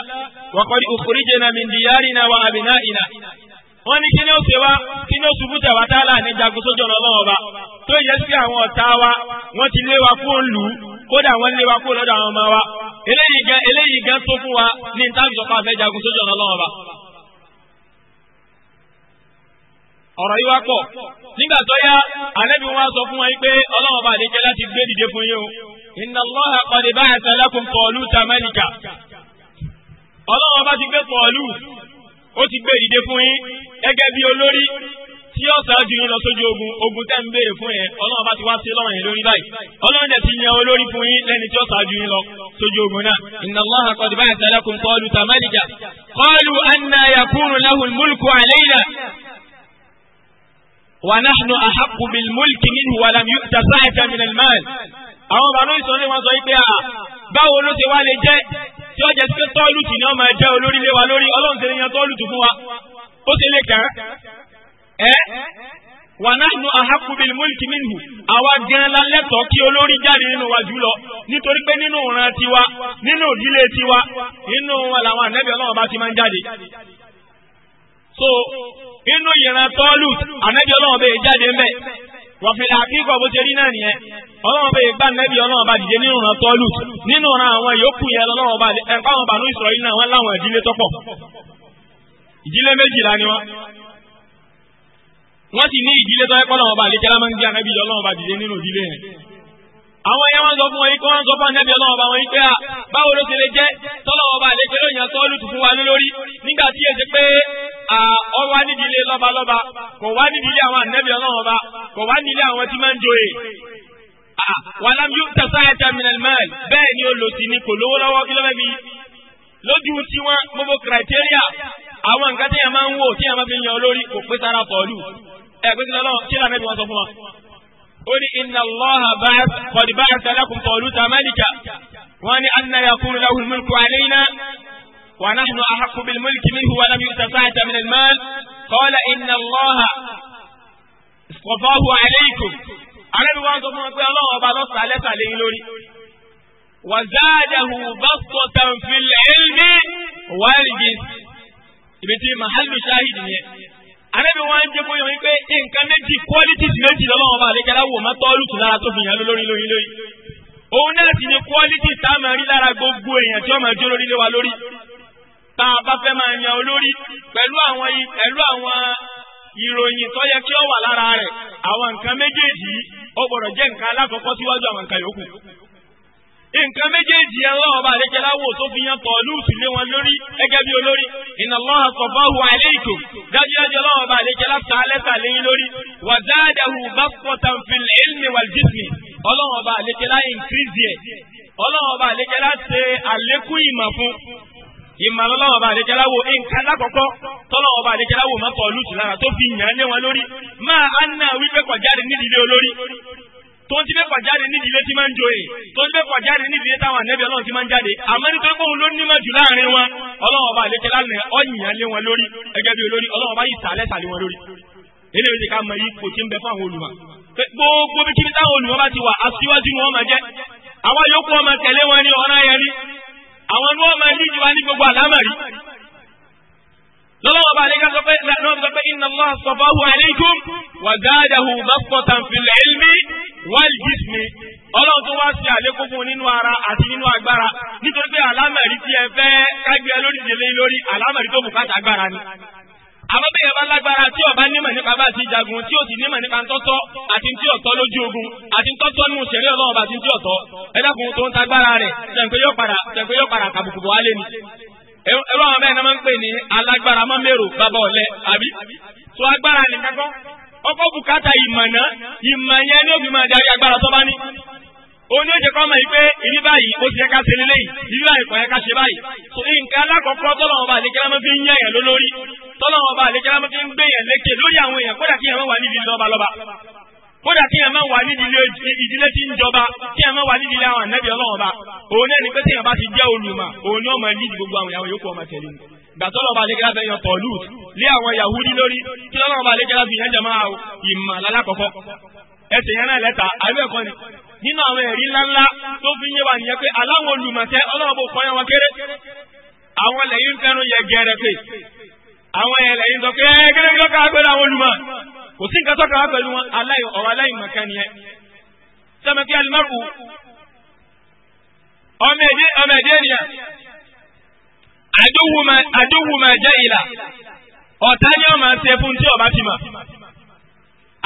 وقد أخرجنا من ديارنا وأبنائنا wọ́n ní kí ni ó ṣe wá kí ni ó ṣubú tẹ̀ wá tààlà ní jagun sójú ọ̀nà ọlọ́wọ́ ọba tó yẹ sí àwọn ọ̀tá wa wọ́n ti lé wa kú òǹlù kódà wọ́n lé wa kú lọ́dọ̀ àwọn ọmọ wa eléyìí gan eléyìí gan tó fún wa ní ìtàkùnjọba àfẹ́ jagun ọlọ́wọ́ ọba. ọ̀rọ̀ yìí wá pọ̀ nígbà tó yá àlẹ́bí wọn sọ fún wa yìí pé ọlọ́wọ́ ọba àdéjẹ́ láti gbé dìde fún yín o inna Allaha qad ba'atha lakum Taluta malika ọlọ́wọ́ bá ti gbé pọ̀lú ó ti gbé ìdè fún yín gẹ́gẹ́ bí olórí tí ó ṣáájú yín lọ sójú ogun ogun tẹ́ ń béèrè fún yẹn ọlọ́wọ́ bá ti wá sí lọ́rùn yẹn lórí báyìí ọlọ́run dẹ̀ ti yan olórí fún yín lẹ́ni tí ó ṣáájú yín lọ sójú ogun náà inna Allaha qad ba'atha lakum Taluta malika qalu anna yakunu lahu mulku alayna wa nahnu ahaqqu bil-mulki minhu wa lam yu'ta sa'atan min al-mal àwọn bàbá ìsọ̀rí wọn sọ pé báwo ló ti wá lè jẹ́ tí ó jẹ́ pé tọ́lùtù ni ọmọ ẹ̀jẹ̀ olórí lé wa lórí ọlọ́run ti lè yan tọ́lùtù fún wa ó ti lè kàn ẹ́ wà náà nu ahakubil mulki minhu àwa gan la lẹ́tọ̀ọ́ kí olórí jáde nínú wa jùlọ nítorí pé nínú ìran tiwa nínú ìdílé tiwa nínú wa làwọn ànẹ́bí ọlọ́run bá ti máa ń jáde so inú ìran tọ́lùtù ànẹ́bí ọlọ́run bẹ́ẹ̀ jáde ń wọ̀fìlà àkíkọ̀ bó ṣe rí náà nìyẹn ọlọ́run bẹ ìgbà nẹ́bí ọlọ́run bá dìde nínú ìran tọ́lù nínú ìran àwọn yòókù yẹn lọ́wọ́ bá ẹ̀kọ́ àwọn bànú Ísírẹ́lì náà wọ́n láwọn ìdílé tọ́pọ̀ ìdílé méjìlá ni wọ́n wọ́n sì ní ìdílé tọ́ẹ́kọ́ lọ́wọ́ bá ń gbé àwọn ẹ̀yà wọn sọ fún wọn yìí kí wọ́n sọ fún ànábì ọlọ́wọ́ bá wọn yìí pé à báwo ló ti lè jẹ́ tọ́lọ́wọ́ bá lè jẹ́ lóyìn àtọ́ lùtù fún wa lórí nígbà tí èsì pé ọrọ̀ wá nídìí ilé lọ́balọ́ba kò wá nídìí ilé àwọn ànábì ọlọ́wọ́ bá kò wá nídìí ilé àwọn tí máa ń joyè wàlám yóò tẹ̀sán ẹ̀ta minal mal bẹ́ẹ̀ ni olòsì ni kò lówó lọ́wọ́ kí ló fẹ́ fi lójú tí gbogbo criteria àwọn nǹkan tí yẹn máa ń wò tí yẹn máa fi yan olórí kò pé sára pọ̀lú ẹ̀ pé kí kí lànà ìbí wọn sọ fún wa ó ní inna Allaha qad ba'atha lakum Taluta malika wọ́n ní anna yakunu lahu al-mulku alayna wa nahnu ahaqqu bil-mulki minhu wa lam yu'ta sa'atan min al-mal qala inna Allaha istafahu alaykum àrẹ́bí wọn àrẹ́bí wọn jẹ́ kó yọrí pé nǹkan méjì qualities méjì lọ́wọ́ bá lè jẹ́lá wò má tọ́lù tù lára tó fi yàn lórí lórí lórí òun náà sì ni quality tá a máa rí lára gbogbo èèyàn tí ó máa jó lórí lé wa lórí tá a bá fẹ́ máa yan olórí pẹ̀lú àwọn pẹ̀lú àwọn ìròyìn tó yẹ kí ó wà lára rẹ̀ àwọn nǹkan méjèèjì ó gbọ́dọ̀ jẹ́ nǹkan alákọ̀ọ́kọ́ síwájú àwọn nǹkan yòókù nǹkan méjèèjì ẹ̀ lọ́wọ́ bá àdéjẹ́ láwò tó fi yan tọ̀lúùtù lé wọn lórí gẹ́gẹ́ bí olórí inna Allaha safahu alaykum dájúdájú lọ́wọ́ bá àdéjẹ́ láta lẹ́tà lẹ́yìn lórí wa zadahu bastatan fil ilmi wal jismi ọlọ́wọ́ bá àdéjẹ́ lá ìnkírìsì ẹ̀ ọlọ́wọ́ bá àdéjẹ́ lá ṣe àlékún ìmọ̀ fún ìmọ̀ lọ́wọ́ bá àdéjẹ́ láwò nǹkan lákọ̀ọ́kọ́ tọ́lọ́wọ́ bá àdéjẹ́ láwò mọ́tọ̀ lùtù lára tó fi yàn án lé wọn lórí máa á ná wípé kọjá tó ń ti fẹ́ pàjáde nídìí ilé tí máa ń tó ń ti fẹ́ pàjáde nídìí ilé táwọn ànẹ́bí ọlọ́run ti máa ń jáde àmọ́ ní láàrin wọn ọba wọn lórí gẹ́gẹ́ bí olórí ọlọ́run ọba yìí sàlẹ̀ sàlẹ̀ wọn lórí eléyìí ká mọ yìí kò ń bẹ fún àwọn olùmọ̀ gbogbo bí kíbi táwọn olùmọ̀ bá ti wà aṣíwájú ni wọ́n máa jẹ́ àwọn yòókù wọn tẹ̀lé wọn ní ọ̀ràn yẹn àwọn wọ́n máa ní gbogbo lọ́lọ́wọ́ bá àdéhùn sọ pé náà sọ pé inna Allah safahu alaykum wa zaadahu bastatan fil ilmi wal jismi ọlọ́run tó wá sí àlékún fún nínú ara àti nínú agbára nítorí pé àlámẹ̀rí tí ẹ fẹ́ kágbé lórí ìdílé lórí àlámẹ̀rí tó bùkátà agbára ni. àmọ́ bẹ́ẹ̀ bá lágbára tí ọba nímọ̀ nípa bá ti jagun tí ó sì nímọ̀ nípa tọ́tọ́ àti tí ọ̀tọ́ lójú ogun àti tọ́tọ́ nínú ìṣẹ̀lẹ̀ ọlọ́run àti tí ọ̀tọ́ ẹ dákun tó ń tagbára rẹ̀ tẹ̀pẹ́ yóò padà tẹ̀pẹ́ yóò padà kàbùkù bọ̀ wálé ni. ẹ̀rọ àwọn bẹ́ẹ̀ ni wọ́n ń pè ní alágbára máa ń mérò bàbá ọ̀lẹ àbí tó agbára nìkan kọ́ ọkọ̀ bùkátà ìmọ̀nà ìmọ̀ yẹn ni òbí máa darí agbára tó bá ní. oní oúnjẹ kan máa yí pé ìrí báyìí ó ti yẹ ká ṣe lélẹ́yìn ìrí báyìí kò yẹ ká ṣe báyìí. so nǹkan alákọ̀ọ́kọ́ bá àlejò fi ń yẹ lólórí bá àlejò kódà tí yẹn máa wà ní ìdílé tí ń jọba tí yẹn máa wà ní ìdílé àwọn ànábì ọlọ́run ba òun náà ní pé tí yẹn bá ti jẹ́ olùmọ̀ òun ni ọmọ yìí gbogbo àwọn ìyàwó yòókù ọmọ tẹ̀lé mi. gbàtọ́ lọ́ba lé àwọn Yahudi lórí kí lọ́ba fi ìmọ̀ ẹsẹ̀ yẹn náà lẹ́ta ni nínú àwọn ẹ̀rí kò sí nǹkan tọ́ka wá pẹ̀lú wọn ọ̀rọ̀ aláìmọ̀kan nìyẹn sọmọ kí alimaru ọmọ ẹ̀dẹ́ ènìyàn àdúgbò máa jẹ́ ìlà ọ̀tá ni ọmọ ṣe fún tí ọba ti mọ̀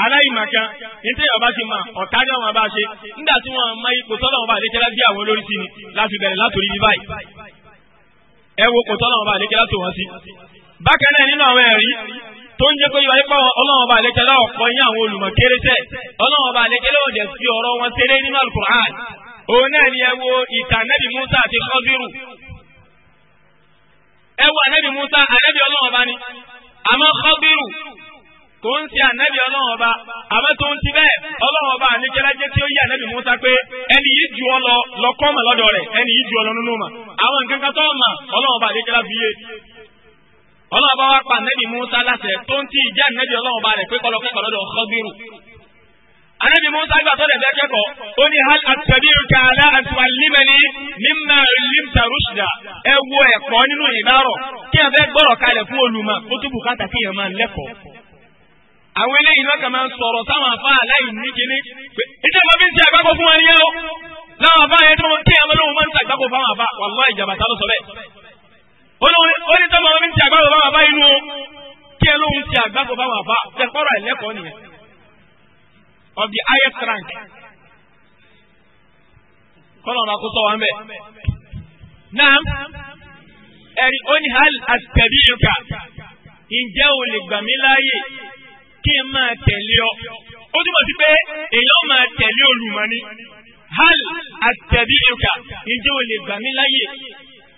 aláìmọ̀kan nítorí ọba ti mọ̀ ọ̀tá ni ọmọ bá ṣe nígbà tí wọ́n máa ipò tọ́lọ̀ ọba àdékẹ́lá bí àwọn olórí sí ni láti bẹ̀rẹ̀ látòrí bí báyìí ẹ wo kò tọ́lọ̀ ọba àdékẹ́lá tó wọ́n sí bákan náà nínú àwọn ẹ̀rí tó ń jẹ́ pé ìwà ipá ọlọ́run ọba àlẹ́kẹ́lá ọ̀pọ̀ yín àwọn olùmọ̀ kéré tẹ̀ ọlọ́run ọba àlẹ́kẹ́lá ọ̀dẹ̀ sí ọ̀rọ̀ wọn ṣeré nínú alukur'an òun náà ni ẹ wo ìtàn nẹ́bì Musa àti Khadiru ẹ wo ànẹ́bì Musa ànẹ́bì ọlọ́run ọba ni àmọ́ Khadiru kò ń ṣe ànẹ́bì ọlọ́run ọba àmọ́ tó ń ti bẹ́ẹ̀ ọlọ́run ọba àníkẹ́lá jẹ́ kí ó yí ànẹ́bì Musa pé ẹni yìí ju ọ lọ lọ kọ́ mọ̀ lọ́dọ̀ rẹ̀ ẹni yìí ju ọ lọ nínú mọ̀ àwọn nǹkan kan tó mọ̀ ọlọ́run ọba àníkẹ́lá fi ọlọ́run bá wá pa nẹ́bí musa láṣẹ tó ń tí ìjà nẹ́bí ọlọ́run bá rẹ̀ pé kọ́lọ́ kẹ́kọ̀ọ́ lọ́dọ̀ Khadiru. anẹ́bí musa gbà tó lè fẹ́ kẹ́kọ̀ọ́ ó ní hal attabi'uka ala an tu'allimani mimma 'ullimta rushda ẹ wo ẹ̀kọ́ nínú ìdárọ̀ kí ẹ fẹ́ gbọ́rọ̀ kalẹ̀ fún olùmọ̀ ó tún bùkátà kí ẹ máa lẹ́kọ̀ọ́ àwọn eléyìí lọ́kàn máa ń sọ̀rọ̀ sáwọn afá aláì ó ní tọ́mọ mi ti àgbàdo bá bàbá inú kí ẹ lóhun ti àgbàdo bá bàbá tẹ̀kọ́rọ̀ ẹ̀lẹ́kọ̀ọ́ nìyẹn of the highest rank kọ́nà ọ̀nà kó sọ wọn bẹ́ẹ̀. náà ẹ̀rí ó ní hal àtẹ̀bí ìka ǹjẹ́ o lè gbà mí láàyè kí n máa tẹ̀lé ọ. ó túmọ̀ sí pé èèyàn máa tẹ̀lé olùmọ̀ni hal àtẹ̀bí ìka ǹjẹ́ o lè gbà mí láàyè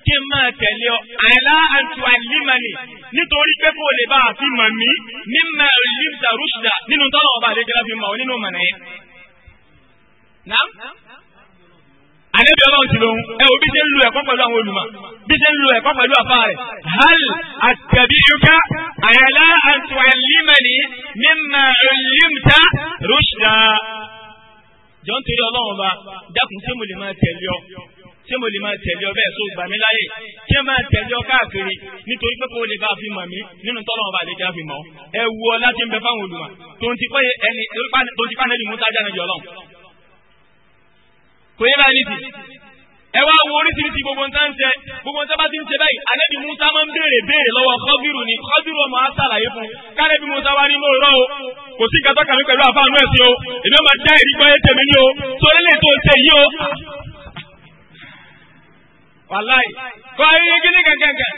kí n máa tẹ̀lé ọ àìlá àti àìlímọ̀nì nítorí pé kò lè bá àfi mọ̀ mí mímọ̀ ìlímta rúṣìdà nínú tọ́lọ̀ ọba àdéjọba fi mọ̀ nínú mọ̀nà yẹn. Nàám. Àlébi ọlọ́run ti lòun ẹ wo bí ṣe ń lo ẹ̀kọ́ pẹ̀lú àwọn olùmọ̀ bí ṣe ń lo ẹ̀kọ́ pẹ̀lú àfa rẹ̀. Hal àtẹ̀bíyúká àyàlá àti àìlímọ̀nì mímọ̀ ìlímta rúṣìdà. Jọ́ ọlọ́run ọba dákun sí mo lè máa tẹ̀lé ọ ṣé mo lè máa tẹ̀lé ọbẹ̀ tó gbà mí láyè kí ẹ máa tẹ̀lé ọ káàkiri nítorí pé kó o lè bá a fi mọ̀ mí nínú tọ́lọ́ ọba àlejò àfi mọ̀ ẹ wù ọ láti ń bẹ fáwọn olùmọ̀ tó ń ti pẹ́ ẹni tó ń ti pàdé ní mọ́tàjà náà jọlọ́ kò yẹ báyìí nìsí ẹ wá wo oríṣiríṣi gbogbo nǹkan tẹ gbogbo nǹkan bá ti ń tẹ báyìí alẹ́bí Musa máa ń béèrè béèrè lọ́wọ́ kọ́bírù ni kọ́bírù ọmọ asàlàyé fún kálẹ́bí Musa wá ní mòró o kò sí gàtọ́ kàmí pẹ̀lú àfáànú ẹ̀sìn o èmi ọmọ dá ìdígbọ́ yẹn tèmi ní o torí lè tó ṣe yí o wàláì kọ́ ayé kíní kẹ̀kẹ́kẹ́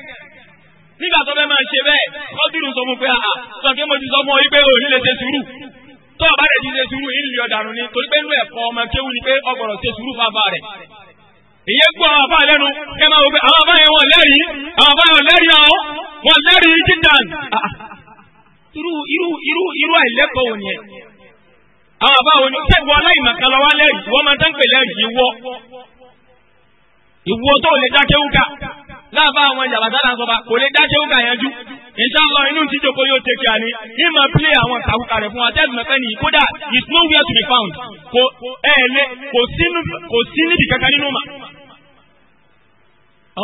nígbà tó fẹ́ máa ṣe bẹ́ẹ̀ kọ́dúrú sọ fún pé àhà sọ pé mo ti sọ fún ọ wípé òní lè ṣe sùúrù tó ọba rẹ̀ ti ṣe sùúrù ìlú ọ̀daràn ni torí pé inú ẹ̀kọ́ ọmọ kéwù ni pé ọgbọ̀rọ̀ ṣe sùúrù fáfá rẹ̀ ìyẹn gbọ́ àwọn afá lẹ́nu kẹ́ máa wò pé àwọn afá yẹn wọ́n lẹ́rìí àwọn afá yẹn lẹ́rìí àwọn wọ́n lẹ́rìí jíjàn irú irú irú irú àìlẹ́kọ̀ọ́ wò ni àwọn afá wo ni ṣé wọ́n aláìmọ̀kan lẹ́rìí wọ́n máa tán pè lẹ́rìí wọ́ ìwọ tó lè dákẹ́ wúkà láàbá àwọn ìjàbàtà náà sọba kò lè dákẹ́ wúkà yanjú inshallah inú ti jòkó yóò tẹ̀ kí a ní ní máa pílé àwọn kàwùkà rẹ̀ fún wa tẹ́lẹ̀ mẹ́fẹ́ nìyí kódà it's nowhere to be found kò ẹ̀ẹ́lẹ́ kò sí níbi kankan nínú mà.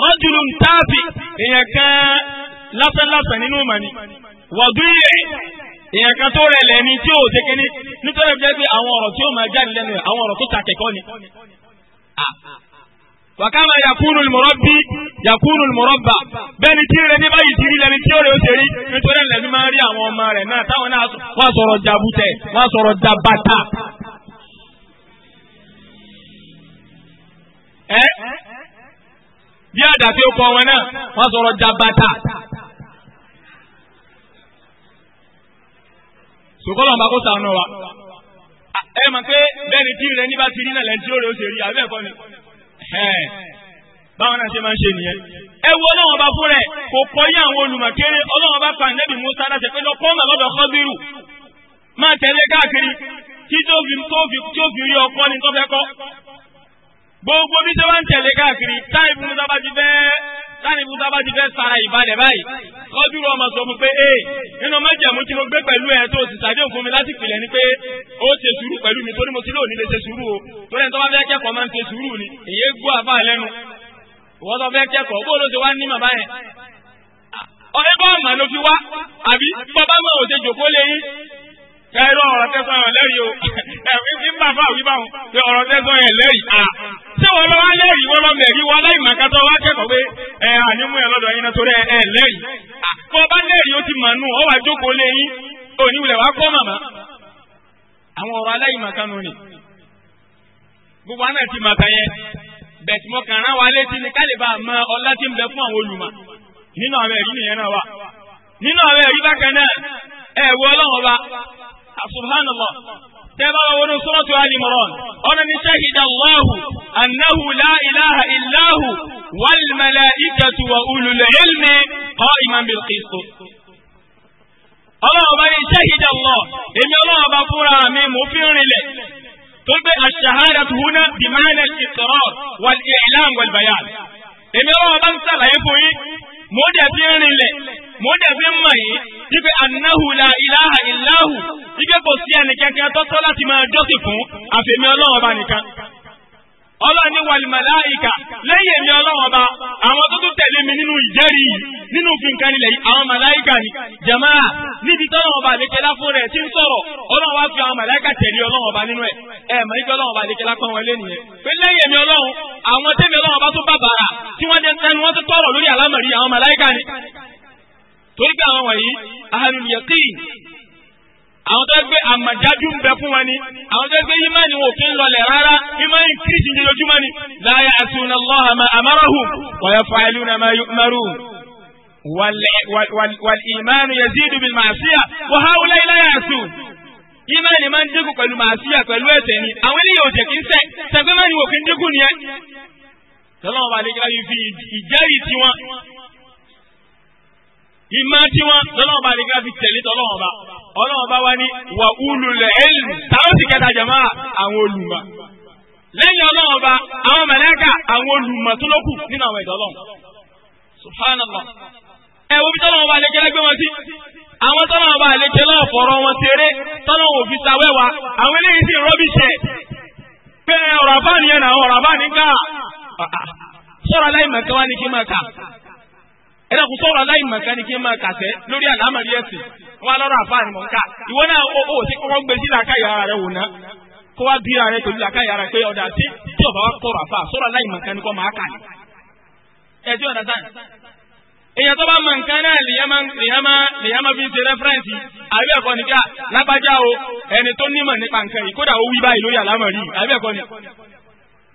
rajulun táàfì èèyàn kan lásánlásán nínú mà ni wàdúyè èèyàn kan tó rẹlẹ̀ ni tí ò tẹ́kẹ́ ní nítorí pé àwọn ọ̀rọ̀ tí ó máa jáde lẹ́nu àwọn ọ̀rọ̀ tó ta kẹ̀kọ́ ni. Ah wàkàmà yakunu mọ̀rọ́bí yakunu mọ̀rọ́bà bẹ́ẹ̀ni tí rẹ̀ níbà yìí ti rí lẹ́ni tí ó rẹ̀ ó ṣe rí nítorí ẹ̀ lẹ́nu máa ń rí àwọn ọmọ rẹ̀ náà táwọn náà wọ́n sọ̀rọ̀ jabutẹ̀ wọ́n sọ̀rọ̀ jabata. ẹ bí àdá ó kọ wọn náà wọ́n sọ̀rọ̀ jabata. sòkòlò ọba kó sànù wa ẹ mọ̀ pé bẹ́ẹ̀ni tí rẹ̀ níbà ti rí tí ó rẹ̀ ó ṣe rí àbẹ́ẹ̀kọ́ ni báwọn náà ṣe máa ń ṣe nìyẹn ẹ wo ọlọ́wọ́n bá fún rẹ̀ kò kọ́ yí àwọn olùmọ̀kéré ọlọ́wọ́n bá pa nẹ́bì Musa láti pé lọ kọ́mà lọ́dọ̀ Khadiru máa tẹ̀lé káàkiri tí tó fi tó fi rí ọkọ ni tó fẹ́ kọ́ gbogbo bí tó tẹ̀lé káàkiri táì Musa bá ti bẹ́ẹ̀ láàrin ibùdó bá ti fẹ́ sara ìbalẹ̀ báyìí lọ́jú rọ ọmọ sọ fún pé ee nínú májẹ̀mú tí mo gbé pẹ̀lú ẹ tó ti sàdé òfin mi láti pìlẹ̀ ni pé ó ṣe sùúrù pẹ̀lú mi torí mo ti lóò nílé ṣe sùúrù o torí ẹni tó bá fẹ́ kẹ́kọ̀ọ́ máa ń ṣe sùúrù ni èyí gbọ́ àfa lẹ́nu ìwọ́n tó fẹ́ kẹ́kọ̀ọ́ bó ló ṣe wá ní màmá yẹn ọ̀rẹ́ bá ọ̀mà ló fi wá àbí bàbá mọ̀ òde jòkó lẹ́yìn kẹrọ ọ̀rọ̀ tẹ́sán yẹn lẹ́rìí o ẹ̀mí ń bàbá òwí báwọn ọ̀rọ̀ tẹ́sán yẹn lẹ́rìí ṣé wọn lọ wá lẹ́rìí wọn lọ mẹ̀rí wọn láì ẹ ànímú ẹ lọ́dọ̀ yín torí ẹ ó ti mà nù ọ jókòó lé oníwulẹ̀ wá kọ́ màmá àwọn ọ̀rọ̀ ni gbogbo ti màkà yẹn bẹ̀tì létí ni ká lè bá a fún àwọn olùmọ̀ nínú àwọn ẹ̀rí tẹ́bá wọnú sọ́ọ̀tù alimọ̀rán ọ̀nà ní sẹ́hìdà wáhù annahu la ilaha illahu wal malaikatu wa ulul ilmi qa'iman bil qist ọlọ́run bá ní sẹ́hìdà lọ èmi ọlọ́run bá fúnra mi mú fi rinlẹ̀ tó gbé aṣahada mo dẹ̀ fi rinlẹ̀ mo dẹ̀ fi mọ̀ yìí wípé annahu la ilaha illahu wípé kò sí ẹnì kankan tó tọ́ láti máa jọ́sìn fún àfẹ̀mí ọlọ́run ọba nìkan ọlọ́ni wàlìmọ̀láìkà lẹ́yìn èmi ọlọ́wọ́ bá àwọn tó tún tẹ̀lé mi nínú ìjẹ́rìí nínú òfin kan ilẹ̀ àwọn màláìkà ni jamaa níbi tọ́lọ́wọ́ bá àlékelá fún rẹ̀ tí ń sọ̀rọ̀ ọlọ́wọ́ wá fi àwọn màláìkà tẹ̀lé ọlọ́wọ́ bá nínú ẹ̀ ẹ̀ mọ̀ ní kí ọlọ́wọ́ bá àlékelá pọ́n wọlé nìyẹn pé lẹ́yìn èmi ọlọ́run àwọn tó gbé àmàdájú ń bẹ fún wọn ni àwọn tó gbé ìmánì wò kí ń lọlẹ̀ rárá ìmánì kìrìsì jojoojúmọ́ ni la ya'suna Allaha ma amarahum wa yaf'aluna ma yu'marun wal imanu yazidu bil ma'siyah wa ha'ula'i la ya'sun ìmánì máa ń dínkù pẹ̀lú màásíyà pẹ̀lú ẹ̀ṣẹ̀ ni àwọn eléyìí òjè kì í ṣẹ̀ tẹ̀gbẹ́ mẹ́rin wò kí ń dínkù nìyẹn. tọ́lọ́wọ́n bá lè fi ìjẹ́rìí tiwọn ìmọ̀ tiwọn tọ́lọ́wọ́n bá lè fi tẹ̀lé tọ́lọ́wọ́n bá ọlọ́run bá wá ní wà ulul ilmi táwọn sì kẹta jẹ̀mọ́ àwọn olùmọ̀ lẹ́yìn ọlọ́run bá àwọn mẹ̀lẹ́kà àwọn olùmọ̀ tó lókù nínú àwọn ẹ̀dọ́ ọlọ́run subhanallah ẹ wo bí tọ́lọ́run bá lékelé gbé wọn sí àwọn tọ́lọ́run bá lékelé ọ̀fọ̀rọ̀ wọn tẹ̀rẹ́ tọ́lọ́run òfin sawẹ́wà àwọn eléyìí sì rọ́bìṣẹ̀ pé ọ̀rọ̀ àbáni yẹn náà ọ̀rọ̀ àbáni ká sọ̀rọ̀ ẹ̀rọ kò sọ̀rọ̀ aláìmọ̀kan ni kí n máa kàṣẹ́ lórí àlámọ̀rí ẹ̀sìn wọn lọ́rọ̀ àfáà ni mò ń kà ìwọ náà ó ó ti kọ́kọ́ gbé sí làákàyà ara rẹ wò ná kó wá bí ara rẹ pẹ̀lú làákàyà ara pé ọ̀dà tí tí ọ̀bá wa kọ̀rọ̀ àfáà sọ̀rọ̀ aláìmọ̀kan ni kò máa kà ẹ̀ tí ọ̀dà sáà èèyàn tó bá mọ nǹkan náà lèyàn máa fi ṣe rẹ́fẹ́rẹ́ǹsì àbí ẹ̀kọ́ ni kí a lágbájá o ẹni tó nímọ̀ nípa nǹkan yìí kódà ó wí báyìí lórí àlámọ̀rí àbí ẹ̀kọ́ ni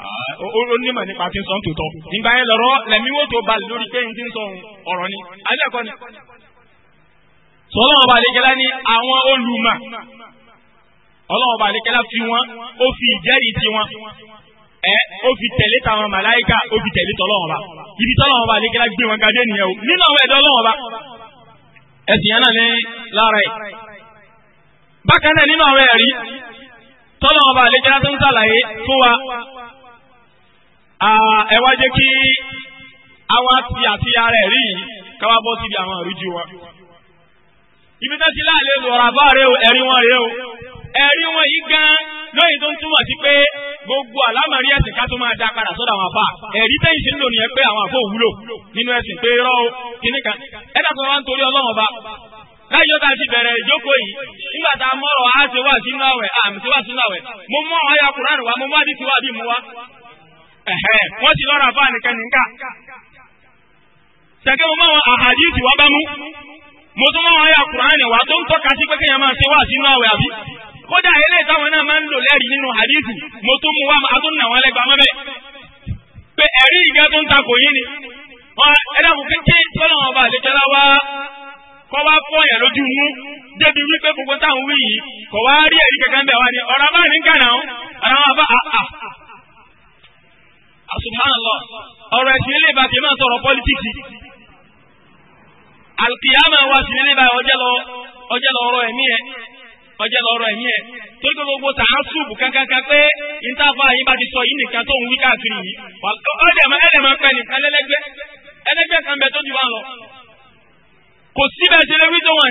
Ah, onímọ̀ nípa ti ń sọ ń tòótọ́ nígbà yẹn lọ́rọ́ lẹ́mí wò tó balẹ̀ lórí pé n ti ń sọ ọ̀rọ̀ ni alẹ́kọ̀ọ́ ni sọlọ́ ọba àlekẹ́lá ní àwọn olùmọ̀ ọlọ́wọ́ ọba àlekẹ́lá fi wọn ó fi ìjẹ́rìí ti wọn ẹ ó fi tẹ̀lé tàwọn màláìka ó fi tẹ̀lé tọ́lọ́wọ́n ba ibi tọ́lọ́wọ́n ba àlekẹ́lá gbé wọn gadé nìyẹn o nínú àwọn ẹ̀dọ́ ọlọ́wọ́n ba ẹ̀sìn yẹn náà ní lára ẹ̀ bákan náà nínú àwọn ba àlekẹ́lá tó ń sàlàyé fún wa ẹ wá jẹ́ kí àwa ti àti ara ẹ̀ rí yìí káwá bọ́ síbi àwọn ibi tó ti láàlẹ́ lọ́rọ̀ àbá rẹ o ẹ̀rí wọn rẹ o ẹ̀rí wọn yìí gan lóyìn tó ń túmọ̀ sí pé gbogbo àlámọ̀rí ẹ̀sìn ká tó máa da padà sọ́dọ̀ àwọn àfà ẹ̀rí tẹ́yìn sí ń lò pé àwọn àfọ òwúlò nínú ẹ̀sìn pé rọ́ o kíní kan ẹ dàpọ̀ wá ń torí láyé a mọ̀rọ̀ ti wá sínú àwẹ̀ àmì ti wá sínú àwẹ̀ mo wa mo mọ̀ àdìsí wa bí mo wọ́n ti lọ́ra fáà nìkan nìkan. sẹ́kẹ́ mo máa wọn àhàdíìsì wá bá mú mo tún máa wọn ayé àkùránì wá tó ń tọ́ka sí pé kéèyàn máa ṣe wá sínú àwẹ̀ àbí. kódà eléyìí táwọn náà máa ń lò lẹ́rìí nínú àhàdíìsì mo tún mú wá àtúnnà wọn lẹ́gbàá mọ́bẹ̀ pé ẹ̀rí ìgbẹ́ tó ń yín ni kò wá kọ́ subhanallah ọ̀rọ̀ ẹ̀sìn ilé ìbá ti máa sọ̀rọ̀ alkiyama wa ọjẹ́ lọ ọ̀rọ̀ ẹ̀mí ẹ̀ ọjẹ́ lọ ọ̀rọ̀ ẹ̀mí ẹ̀ tó gbogbo sọ nìkan tó ń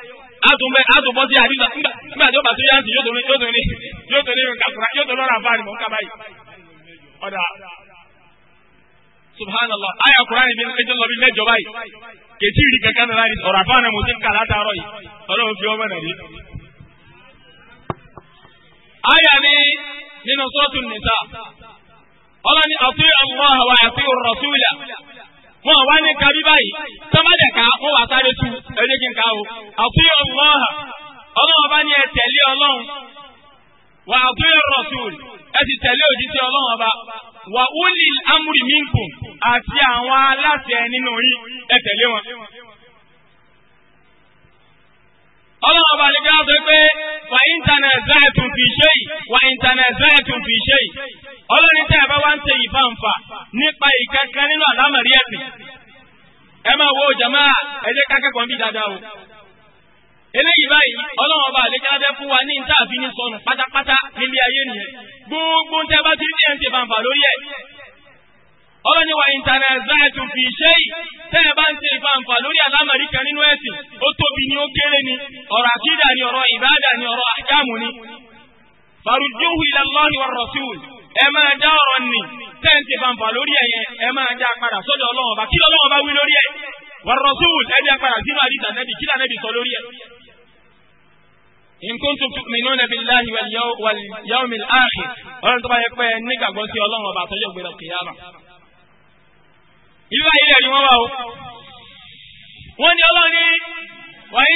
àtúnbẹ àtúnbọ sí àdìsá nígbà tí ó bá tó yá sí yóò tó ní yóò tó ní yóò tó ní kakura yóò tó lọ́ra bá ní mọ́ kaba yìí. ọ̀dà subhanallah aya kura ni bíi ẹjọ́ lọ́bi mẹ́jọ báyìí kètì rí kankan nana ni ọ̀rọ̀ àfáàná mo ti ń kàlá taarọ̀ yìí ọlọ́run fi ọmọ nàbí. aya ni nínú sọ́ọ̀tù nìta ọlọ́ni àti Allah wa àti rasula. wọn wá ní ka bí báyìí tọ́mọ̀dẹ̀ka wọn wà sáré tu o, kí n ká o àfi ọlọ́hà ọlọ́hà bá ní ẹ tẹ̀lé ọlọ́hun wà àfi rasul ẹ sì tẹ̀lé òjíṣẹ́ ọlọ́hà ọba, wà wúlì amúrì àti àwọn aláṣẹ nínú yín ẹ tẹ̀lé wọn. ní kí wọ́n sọ pé wà fi ṣe yìí wà fi ṣe ọlọ́ni tẹ́ ẹ bá wá ń ṣe ìfànfà nípa ìkankan nínú àlámọ̀rí ẹ̀sìn ẹ máa wo jama ẹ jẹ́ kákẹ́kọ̀ọ́ bí dáadáa o eléyìí báyìí ọlọ́run ọba àlékálẹ́ fún wa ní níta àfi ní sọnù pátápátá nílé ayé nìyẹn gbogbo ń tẹ́ bá ti rí ẹ̀ ń lórí ẹ̀ ọlọ́ni wa ìntànẹ̀záàtù fi ṣe yìí tẹ́ ẹ ẹ máa dá ọ̀rọ̀ nì tẹ́ǹtì fanfà lórí ẹ̀yẹ ẹ máa dá padà sọ́dọ̀ ọlọ́wọ́n bá kí lọ́wọ́n bá wí lórí ẹ̀ wàrọ̀sùwùl ẹ̀ dá padà sínú àdìsá nẹ́bì kí lànẹ́bì sọ lórí ẹ̀. in kuntum tu'minuna billahi wal yawmil akhir ọlọ́run tó bá yẹ pé nígbàgbọ́ sí ọlọ́run ọba àtọ́jọ́ gbéra kìyàmà. ìlú ayé ni wọ́n wà o. wọ́n ní ọlọ́run ní wàyí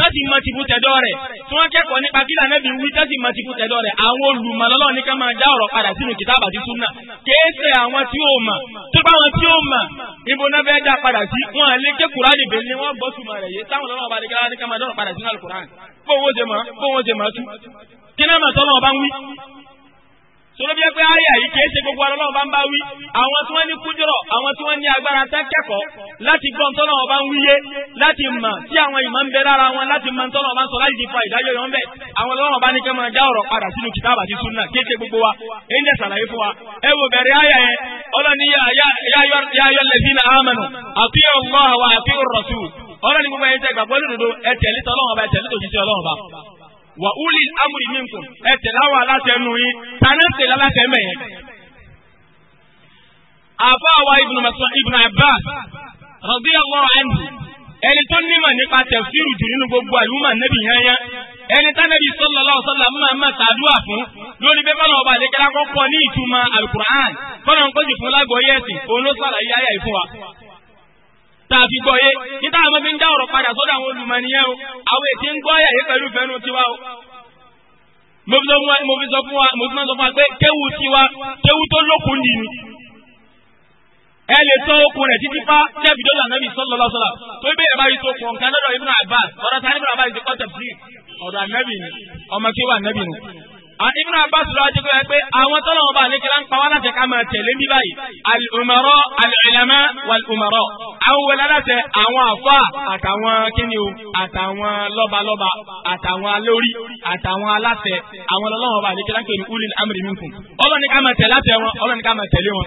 tọ́sí mọ ti fún tẹ̀dọ́ rẹ̀ tí wọ́n kẹ́kọ̀ọ́ nípa kí lànàbí wí tọ́sí mọ ti fún tẹ̀dọ́ rẹ̀ àwọn olùmọ̀lọ́lọ́ ní ká máa já ọ̀rọ̀ padà sínú kìtàbà àti súnà kéèsè àwọn tí ó mà tó bá wọn tí ó mà ibo náà fẹ́ dá padà sí wọn à lè ké kùránì bẹ́ẹ̀ ni wọ́n gbọ́ sùmọ̀ rẹ̀ yé táwọn ọlọ́wọ́ sọlọ bí ẹ pé àyà yìí kìí ṣe gbogbo ọlọ́wọ́ bá ń bá wí àwọn tí wọ́n ní kújọ́rọ̀ àwọn tí wọ́n ní agbára tá kẹ́kọ̀ọ́ láti gbọ́ ntọ́lọ́wọ́ bá ń wíyé láti mọ̀ tí àwọn ìmọ̀ ń bẹ lára wọn láti mọ̀ ntọ́lọ́wọ́ bá ń sọ láti di fa ìdájọ́ yọ̀ ń bẹ̀ àwọn ọlọ́wọ́ bá ní kẹ́ máa já ọ̀rọ̀ padà sínú kìtàbà àti súnà kìí ṣe gbogbo wa èyí jẹ́ sàlàyé fún wa ẹ wo bẹ̀rẹ̀ àyà yẹn ọlọ́ni yá ayọ́ lẹ́sìn àmàlù àti ọlọ́wọ́ àti ọ̀rọ̀ sùn ọlọ́ni gbogbo ẹ̀yẹ tẹ gbàgbọ́ lódodo ẹ tẹ̀lé tọ́lọ́wọ́ bá ẹ tẹ̀lé tòṣìṣẹ́ ọlọ́wọ́ bá wà úlì amúrì minkum ẹ tẹ̀lé àwọn aláṣẹ nù yín tani ń tẹ̀lé aláṣẹ mẹ́ yẹn. àbá wa ibùn Mas'ud ibùn Abbas radiyallahu anhu ẹni tó nímọ̀ nípa tẹ̀síìrù jù nínú gbogbo àyùmọ̀ nẹ́bì yẹn yẹn ẹni tánẹ́bì sallallahu sallam máa máa ṣàdúrà fún lórí bẹ́ẹ̀ fọlọ́ ọba àdékẹ́lá kọ́kọ́ ní ìtumọ̀ alukur'an fọlọ́ nǹkan jù fún lágbọ̀ọ́yẹ̀sì òun ayé àìfún tá a fi gbọ́ yé níta àwọn fi ń dá ọ̀rọ̀ padà sọ́dọ̀ àwọn olùmọ̀nìyàn o àwọn ètí ń gbọ́ yàyé pẹ̀lú fẹ́nu tiwa o. mo fi sọ fún wa mo fi sọ fún wa pé kéwu tiwa kéwu tó lókun nìyí ẹ lè tọ́ okun rẹ̀ títí fá tẹ́bi dọ́là nàbì sallallahu alaihi wasallam tó bẹ́ẹ̀ bá yìí tó kọ̀ nǹkan lọ́dọ̀ Ibn Abbas ọ̀dọ̀ Ibn Abbas lọ ajẹ́ kó yẹ pé àwọn tọ́lọ̀ ọba àlékelá ń pa wá láti ká máa tẹ̀lé bí báyìí al-umara al-ulama wal-umara àwọn wọlé aláṣẹ àwọn àfa àtàwọn kíni o àtàwọn lọ́balọ́ba àtàwọn alórí àtàwọn aláṣẹ àwọn ọlọ́wọ́ ọba àlékelá ń pè ní ulil amri minkum ọlọ́ni ká máa tẹ̀lé wọn ọlọ́ni ká máa tẹ̀lé wọn.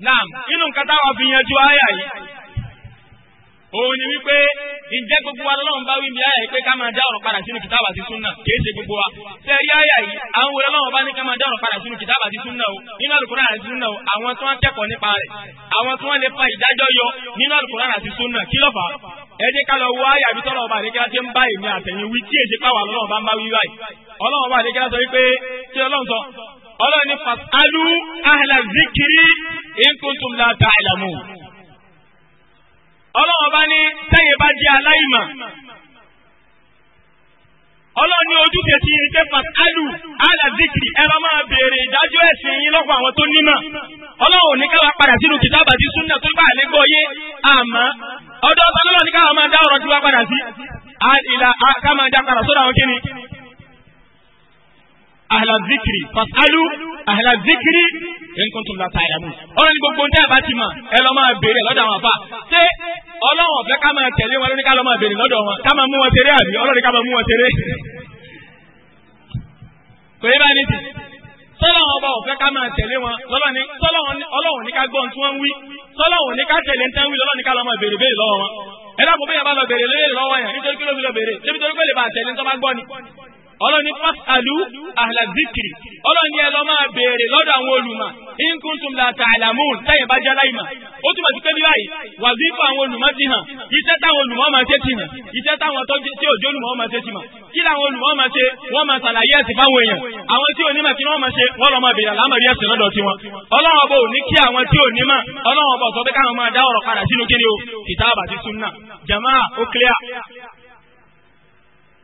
naam inú nkata táwa fi yanjú àyà yìí ni wípé ǹjẹ́ gbogbo wa lọ́wọ́n bá wí bí àyà yìí pé ká máa dá ọ̀rọ̀ padà sínú kìtàbà súnà kìí ṣe gbogbo wa tẹ yá àyà yìí àwọn wòlé lọ́wọ́n bá ní ká máa dá ọ̀rọ̀ padà sínú kìtàbà àti súnà o nínú àti o àwọn tí wọ́n kẹ́kọ̀ọ́ nípa rẹ̀ àwọn tí wọ́n yọ nínú àti súnà kí ẹ jẹ́ ká lọ bí tọ́lọ́ ọba àdékẹ́lá ń bá ọlọ́ni fasalu ahla zikiri in kuntum la ta'lamun. ọlọ́wọ́n bá ní sẹ́yìn bá jẹ́ aláìmọ̀. ọlọ́ni ojúṣe ti ṣe fasalu ahla zikiri ẹ̀rọ máa béèrè ìdájọ́ ẹ̀sìn yín lọ́kọ̀ àwọn tó nímọ̀. ní káwá padà sínú súnà tó gbà àmọ́ ọdọ́ ọ̀sán ní káwá máa dá ọ̀rọ̀ tí wá padà sí. àìlà padà sódà أهل zikiri fasalu أهل zikiri إن كنتم لا تعلمون. أولا ní gbogbo ntẹ́ àbá ti mọ̀ ẹ lọ́ máa béèrè lọ́dọ̀ àwọn àbá ṣé ọlọ́wọ̀n fẹ́ ká máa tẹ̀lé wọn lóní ká lọ́ máa béèrè lọ́dọ̀ wọn ká máa mú wọn ṣeré àbí ọlọ́run ká máa mú wọn ṣeré. kò yé báyìí nìyí sọ́lọ́wọ́n ọba ọ̀fẹ́ ká máa tẹ̀lé wọn ọlọ́wọ̀n ní ká gbọ́ ohun tí wọ́n ń wí sọ́lọ́wọ́n ní ká tẹ̀lé ntẹ́ ń wí lọ́lọ́ni ká lọ́ máa béèrè béèrè lọ́wọ́ wọn. ẹ dákun bẹ́ẹ̀ bá lọ béèrè lóye lọ́wọ́ yẹn nítorí kí ló fi lọ béèrè débi torí pé lè bá tẹ̀lé ntọ́ bá gbọ́ ni ọlọ́ni fasalu ahlazikiri ọlọ́ni ẹ lọ máa béèrè lọ́dọ̀ àwọn olùmọ̀ in kuntum la ta'lamun táyẹ̀ bá jálá ìmọ̀ ó túmọ̀ sí pé bí báyìí wàzífù àwọn olùmọ̀ ti hàn iṣẹ́ táwọn olùmọ̀ máa ṣe ti hàn iṣẹ́ táwọn tó tí òjò olùmọ̀ máa ṣe ti mọ̀ kí làwọn olùmọ̀ máa ṣe wọ́n máa ṣàlàyé ẹ̀sìn fáwọn èèyàn àwọn tí onímọ̀ kí wọ́n máa ṣe wọ́n lọ máa béèrè àlámọ̀rí ẹ̀sìn lọ́dọ̀ tí wọn ọlọ́run ọba ò ní kí àwọn tí onímọ̀ ọlọ́run ọba sọ pé káwọn máa dá ọ̀rọ̀ padà sínú kíni o kìtàbà ti sunna jàmáà ó clear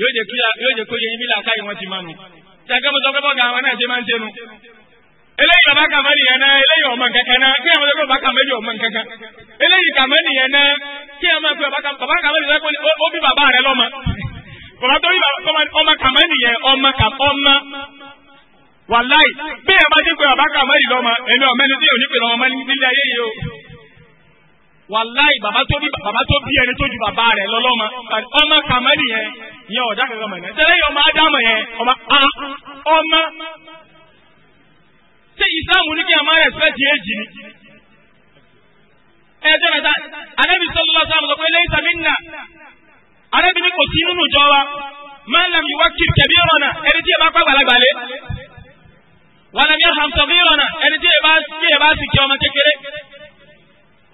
yóò jẹ́ kí yóò jẹ́ kó yẹ yín bí làákàyè wọn ti máa nù. Ṣàkẹ́ mo sọ pé bọ́ọ̀gà àwọn náà ṣe máa ń ṣe nu. Eléyìí ọba kàmẹ́ nìyẹn náà, eléyìí ọmọ nkankan náà, kí àwọn ọba kàmẹ́ yìí ọmọ nkankan. Eléyìí kàmẹ́ nìyẹn náà, kí àwọn ọba kàmẹ́ yìí sẹ́kọ̀ọ́ ó bí bàbá rẹ lọ́mọ. Bàbá tó bí ọmọ kàmẹ́ nìyẹn, ọmọ ọmọ wàláì. Bí ẹ bá ti pé ọba kàmẹ́ yìí lọ́mọ, èmi ọ̀mẹ́ni tí ò ní pè lọ́mọ nílé ayé yìí o. wàláì bàbá tó bí ẹni tó ju bàbá rẹ̀ lọ́lọ́mọ ọmọ kàmẹ́lì yẹn yẹn ọ̀dà kankan mọ̀ náà tẹ́lẹ̀ yẹn ọmọ ádámọ̀ yẹn ọmọ a ọmọ ṣé ìsìlámù ní kí ẹ máa rẹ̀spẹ̀tì ni. ẹ jẹ́ mẹ́ta anábì sọ́lá lọ́sọ̀ àmọ̀ sọ pé sàmì nà anábì ní kò sí nínú ìjọ wa máa ń làm ìwà kiri na rọ̀nà ẹni tí ẹ bá wàlámì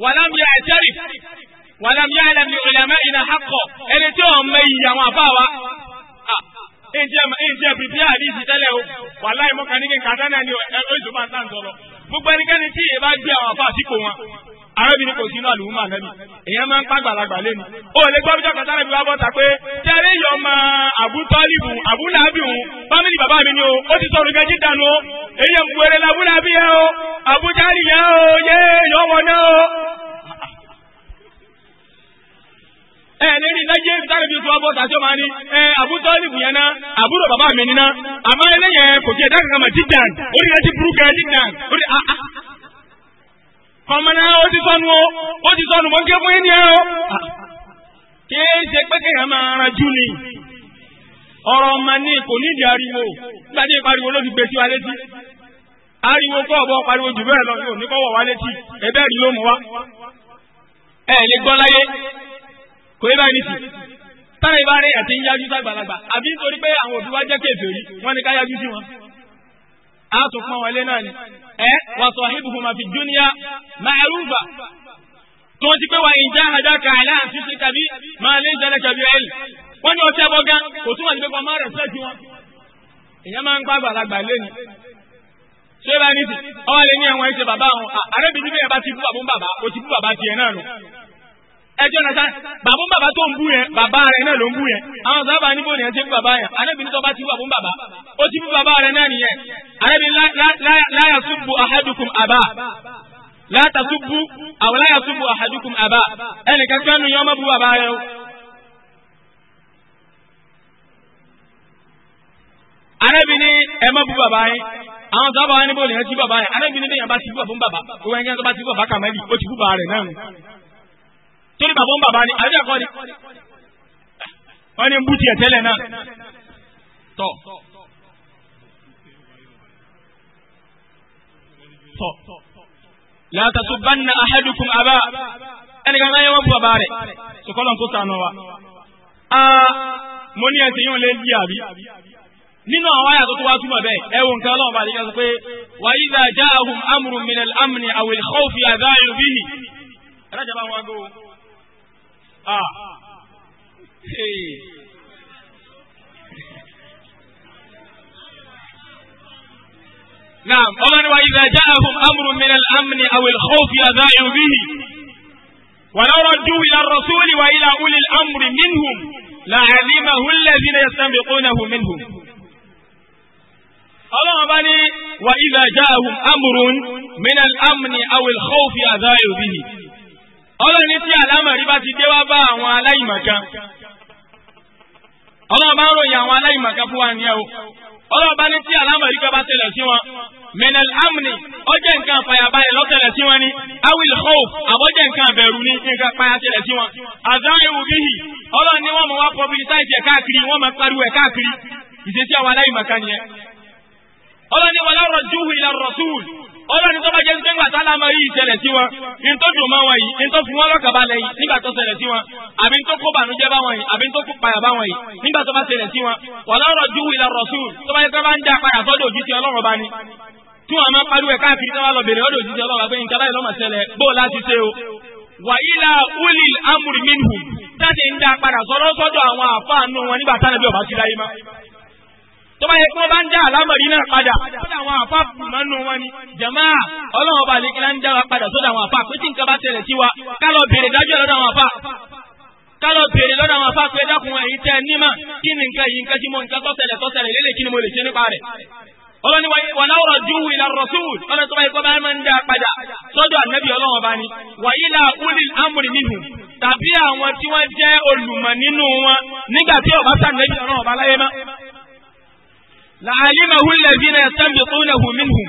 wàlámù yà àjẹrì wàlámù yà àlàmì ìlàmà ìnà àkọ ẹni tí wọn mọ iyì àwọn àbá wa ah, ǹjẹ́ bìbí àdìsí tẹ́lẹ̀ o wàláì mọ́kànlélẹ́kàtà náà ni ẹ̀ ọ́ ìjọba ń tàn sọ̀rọ̀ gbogbo ẹnikẹ́ni tí ì arábìnrin kò sínú àlùmọ́ ànábì èèyàn máa ń pa àgbàlagbà lẹ́nu ó lè gbọ́ bíjọ́ kàtà ànábì wá bọ́ta pé tẹ́lẹ̀ yọ ọmọ àbútọ́lìbù àbúlábìhùn fámìlì bàbá mi ni o ó ti sọ̀rọ̀ gẹ́jì dànù o èyí ń wẹ̀rẹ̀ làbúlábì yẹn o àbújárì yẹn o yé èèyàn wọn náà o. ẹ lẹ́rìí lájẹ́ ìtàrí fi sọ bọ́ta tí ó máa ní ẹ àbútọ́lìbù yẹn ná àbúrò bàbá mi ni ná àmọ́ ọmọ náà ó ti sọnù o ó ti sọnù mo ń ké fún yín ni ẹ o kìí ṣe pé kéèyàn máa ranjú ni ọ̀rọ̀ ọmọ ní kò nídìí ariwo nígbà tí ìpariwo ló fi gbé sí wa létí ariwo kọ́ ọ̀bọ pariwo jù bẹ́ẹ̀ lọ yóò ní kọ́ wọ̀ wá létí ẹ̀bẹ́ rí ló mú wa ẹ̀ lè gbọ́ láyé kò yẹ báyìí nìsí táyà ìbá àti ń yájú sàgbàlagbà àbí nítorí pé àwọn òbí wa jẹ́ kéèfé rí wọ́n ní ká yájú sí wọn á tún pọ́n wọlé náà ni ẹ wa sahibuhuma fi dunya ma'rufa tó ti pé wa in jahadaka ala an tushrika bi ma laysa laka bi ilm wọ́n ní ọtí ẹbọ gan kò túmọ̀ sí pé kọ́mọ́ rẹ̀ sẹ́ẹ̀tì wọn èèyàn máa ń gbàgbà lágbà lẹ́nu ṣé bá ní ti ọwọ́ lè ní ẹ̀wọ̀n ẹ̀ṣẹ̀ bàbá àwọn àrẹ́bìnrin bẹ́ẹ̀ bá ti bú bàbá ó ti bú bàbá tiẹ̀ náà nù ẹjọ́ náà sá bàbá bàbá tó ń bú yẹn bàbá rẹ̀ náà ló ń bú yẹn àwọn sábà níbo ni ẹ ti bú bàbá yẹn anábì nítorí bá ti bú bàbá bàbá ó ti bú bàbá rẹ̀ náà nìyẹn anábì láyà súnbù ahadukum àbá láyà súnbù àwọn láyà súnbù ahadukum àbá ẹnì kankan nu yọmọ bú bàbá rẹ̀ o. anábì ní ẹ má bú bàbá yẹn àwọn sábà níbo ni ẹ ti bú bàbá yẹn anábì ní yẹn bá ti bú bàbá bàbá torí bàbá ń bàbá ni àbí ẹ̀kọ́ ni wọ́n ní bú tiẹ̀ tẹ́lẹ̀ náà tọ̀ tọ̀ látàtú bánà ahadukum àbá ẹni kan láyé wọ́n bú bàbá rẹ̀ sọkọ́lọ́n kó sànù wa. mo ní ẹsẹ̀ yóò lé bí àbí nínú àwọn àyà tó tó wá túmọ̀ bẹ́ẹ̀ ẹ wo nǹkan ọlọ́run bá dé kẹ́sọ pé wa idha ja'ahum amrun min al-amni aw al-khawfi adha'u bihi. ẹ lọ́jà bá wọn gbó. آه. نعم ومن وإذا جاءهم أمر من الأمن أو الخوف أذاعوا به ولو ردوا إلى الرسول وإلى أولي الأمر منهم لعلمه الذين يستنبطونه منهم الله بني وإذا جاءهم أمر من الأمن أو الخوف أذاعوا به ọlọ́run ní tí àlámọ̀rí bá ti dé wá bá àwọn aláìmọ̀kan ọlọ́run bá ń ròyìn àwọn aláìmọ̀kan fún wa ní ẹ̀ o ọlọ́run bá ní tí àlámọ̀rí kan bá tẹ̀lẹ̀ sí wọn minal amni ó jẹ́ nǹkan àfàyàbalẹ̀ lọ́tẹ̀lẹ̀ sí wọn ni awil khawf àbọ̀jẹ̀ nǹkan àbẹ̀rù ni nǹkan àpáyà tẹ̀lẹ̀ sí wọn àdáhùn bihi ọlọ́run ní wọ́n mọ̀ wá publicize ẹ̀ káàkiri wọ́n mọ̀ pariwo ẹ̀ káàkiri ìṣesí àwọn aláìmọ̀kan nìyẹn ọlọ́ni wà lọ́rọ̀ júhù ìlà rọ̀súùl ọlọ́ni tó bá jẹ́ nípa ìgbà tálá máa yí ìṣẹ̀lẹ̀ sí wọn ní tó dùn mọ́ wọn yìí ní tó fi wọn lọ́kàbalẹ̀ yìí nígbà tó ṣẹlẹ̀ sí wọn àbí tó kó bànújẹ́ bá wọn yìí àbí tó kó payà bá wọn yìí nígbà tó bá ṣẹlẹ̀ sí wọn wà lọ́rọ̀ júhù ìlà rọ̀súùl tó bá yẹ kó bá ń dá payà sọ́dọ̀ òjíṣẹ́ ọlọ́run bá ní tí wọn máa pariwo ẹ̀ káàkiri tí lọ bèrè ọ̀dọ̀ òjíṣẹ́ ọlọ́run pé nǹkan báyìí lọ́mọ bó o láti ṣe o wàyílà ulì amúrì minhum ń dá padà sọ́dọ̀ sọ́dọ̀ àwọn àfáànù wọn nígbà tánàbí ọ̀bá sí láyé máa tó bá yẹ kí wọ́n bá ń dá àlámọ̀rí náà padà sódà àwọn àfa mọ́nú wọn ni jàmá ọlọ́run ọba àlekìlá ń dá wa padà sódà àwọn àfa pé tí nǹkan bá tẹ̀lẹ̀ sí wa ká lọ béèrè dájọ́ lọ́dọ̀ àwọn àfa ká lọ béèrè lọ́dọ̀ àwọn àfa pé dákun ẹ̀yin tẹ́ nímà kí ni nǹkan yìí nǹkan tí mo nǹkan tọ́tẹ̀lẹ̀ tọ́tẹ̀lẹ̀ lélẹ̀ kí ni mo lè ṣe nípa rẹ̀ ọlọ́ni wàláwọ̀rọ̀ júwù ìlà rọ̀súùl ọlọ́ni tó bá ikọ́ bá ń dá padà sọ́dọ̀ ànábì ọlọ́wọ̀n bá ní wàyílà ulil amri minhu tàbí àwọn tí wọ́n jẹ́ olùmọ̀ nínú wọn nígbà tí ọ̀bá sànábì ọlọ́wọ̀n bá láyé máa làálímàhu lẹ́bínà ẹ̀sẹ̀bìtúnàhù minhum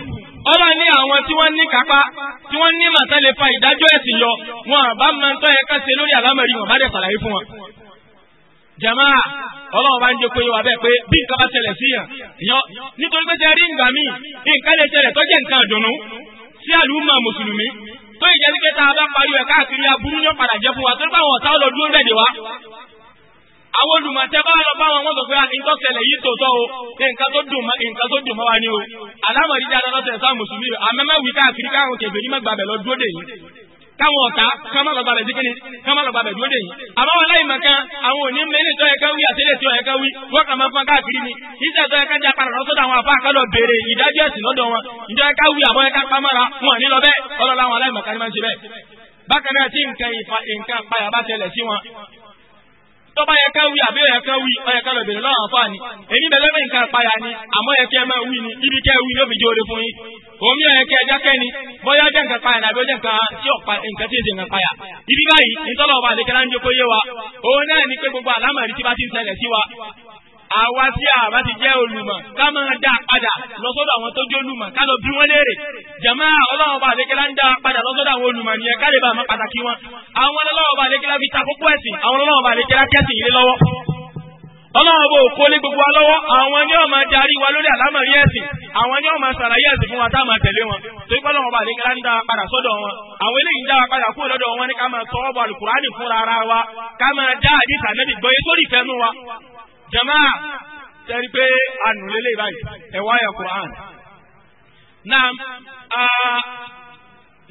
ọba ní àwọn tí wọ́n ní kápá tí wọ́n ní màtá lè fa ìdájọ́ ẹ̀sìn yọ wọn àbá máa ń tọ́ yẹ ká ṣe lórí àlámọ̀rí wọn bá dẹ̀ sàlàyé fún wọn. jama ọlọ́run bá ń jẹ́ pé wà bẹ́ẹ̀ pé bí nǹkan bá ṣẹlẹ̀ sí yàn yàn nítorí pé tẹ́rí nǹkan míì nǹkan lè ṣẹlẹ̀ tó jẹ́ nǹkan ìdùnnú sí àlùmọ̀ mùsùlùmí tó ìjẹ́ àwọn olùmọ̀tẹ́ bá lọ bá wọn wọ́n sọ pé ah, nǹkan ṣẹlẹ̀ yìí tòótọ́ o nǹkan tó dùn mọ́ nǹkan tó dùn mọ́ wa ni o alámọ̀rí dáadáa lọ́sẹ̀ sáà mùsùlùmí àmẹ́mẹ́ wí káàkiri káwọn kẹfẹ́ ní mẹ́gbàbẹ̀ lọ dúró dè yìí káwọn ọ̀tá kán má lọ gbàbẹ̀ díkìní kán má lọ gbàbẹ̀ dúró dè yìí àmọ́ wọn láì mọ̀kan àwọn òní mẹ́lẹ̀ bákan náà tí nǹkan ìpa nǹkan payà bá ṣẹlẹ̀ sí wọn tọ́ba yẹ ká wí àbí ọ̀yẹ ká wí ọ̀yẹ ká lọ bèrè lọ́wọ́ àfa ni èmi bẹ̀rẹ̀ bẹ́ẹ̀ nǹkan ìpayà ni àmọ́ yẹ kẹ́ ẹ máa wí ni ibi kẹ́ ẹ wí yóò fi jẹ́ oore fún yín òun yẹ kẹ́ ẹ jákẹ́ ni bóyá jẹ́ nǹkan ìpayà nàbí ó jẹ́ nǹkan tí ọ̀pá nǹkan tí èsì nǹkan ìpayà ibi báyìí nítọ́lọ́ ọba àdékẹ́lá ń jókòó yé wa òun náà ni pé gbogbo àlámọ̀rí àwa tí a bá ti jẹ́ olùmọ̀ ká máa dá padà lọ́sọ́dọ̀ àwọn tó jẹ́ olùmọ̀ ká lọ bí wọ́n léèrè jẹ̀mọ́ ọlọ́run bá àdékẹ́lá ń dá padà lọ́sọ́dọ̀ àwọn olùmọ̀ nìyẹn ká lè bá àmọ́ pàtàkì wọn àwọn ọlọ́run bá àdékẹ́lá fi ta kókó ẹ̀sìn àwọn ọlọ́run bá àdékẹ́lá kẹ́sìn ilé lọ́wọ́ ọlọ́run bò kó lé gbogbo wa lọ́wọ́ àwọn ni ó máa darí wa lórí àlámọ̀rí ni ó máa ṣàlàyé ẹ̀sìn fún wa jama tẹ́rí pé ànú lélẹ̀ báyìí ẹ̀wá yà Quran náà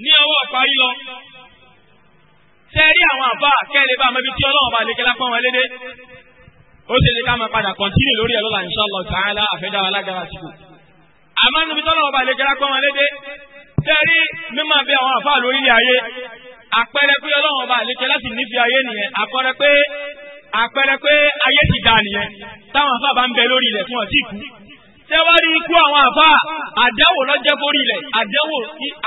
ní ọwọ́ parí lọ tẹ́rí àwọn àbá kẹ́lẹ́ bá mẹ́bí tí ọlọ́run bá lè kẹ́lá pọ́n wọn lédè ó sì lè ká máa padà kọ́ntínì lórí ẹ̀ lọ́la inshallah ta'ala àfẹ́dá alágbára síkò àmọ́ níbi tọ́lọ́run bá lè kẹ́lá pọ́n wọn lédè tẹ́rí mímọ́ bí àwọn àbá lórílẹ̀ ayé àpẹẹrẹ pé ọlọ́run bá lè kẹ́lá sì nífi ayé nìyẹn àpẹẹrẹ pé àpẹẹrẹ pé ayé ti dà nìyẹn táwọn àfa bá ń bẹ lórí ilẹ̀ fún ọtí kú tẹ́wárí ikú àwọn àfa àdáwò lọ́jẹ́ kórí ilẹ̀ àdáwò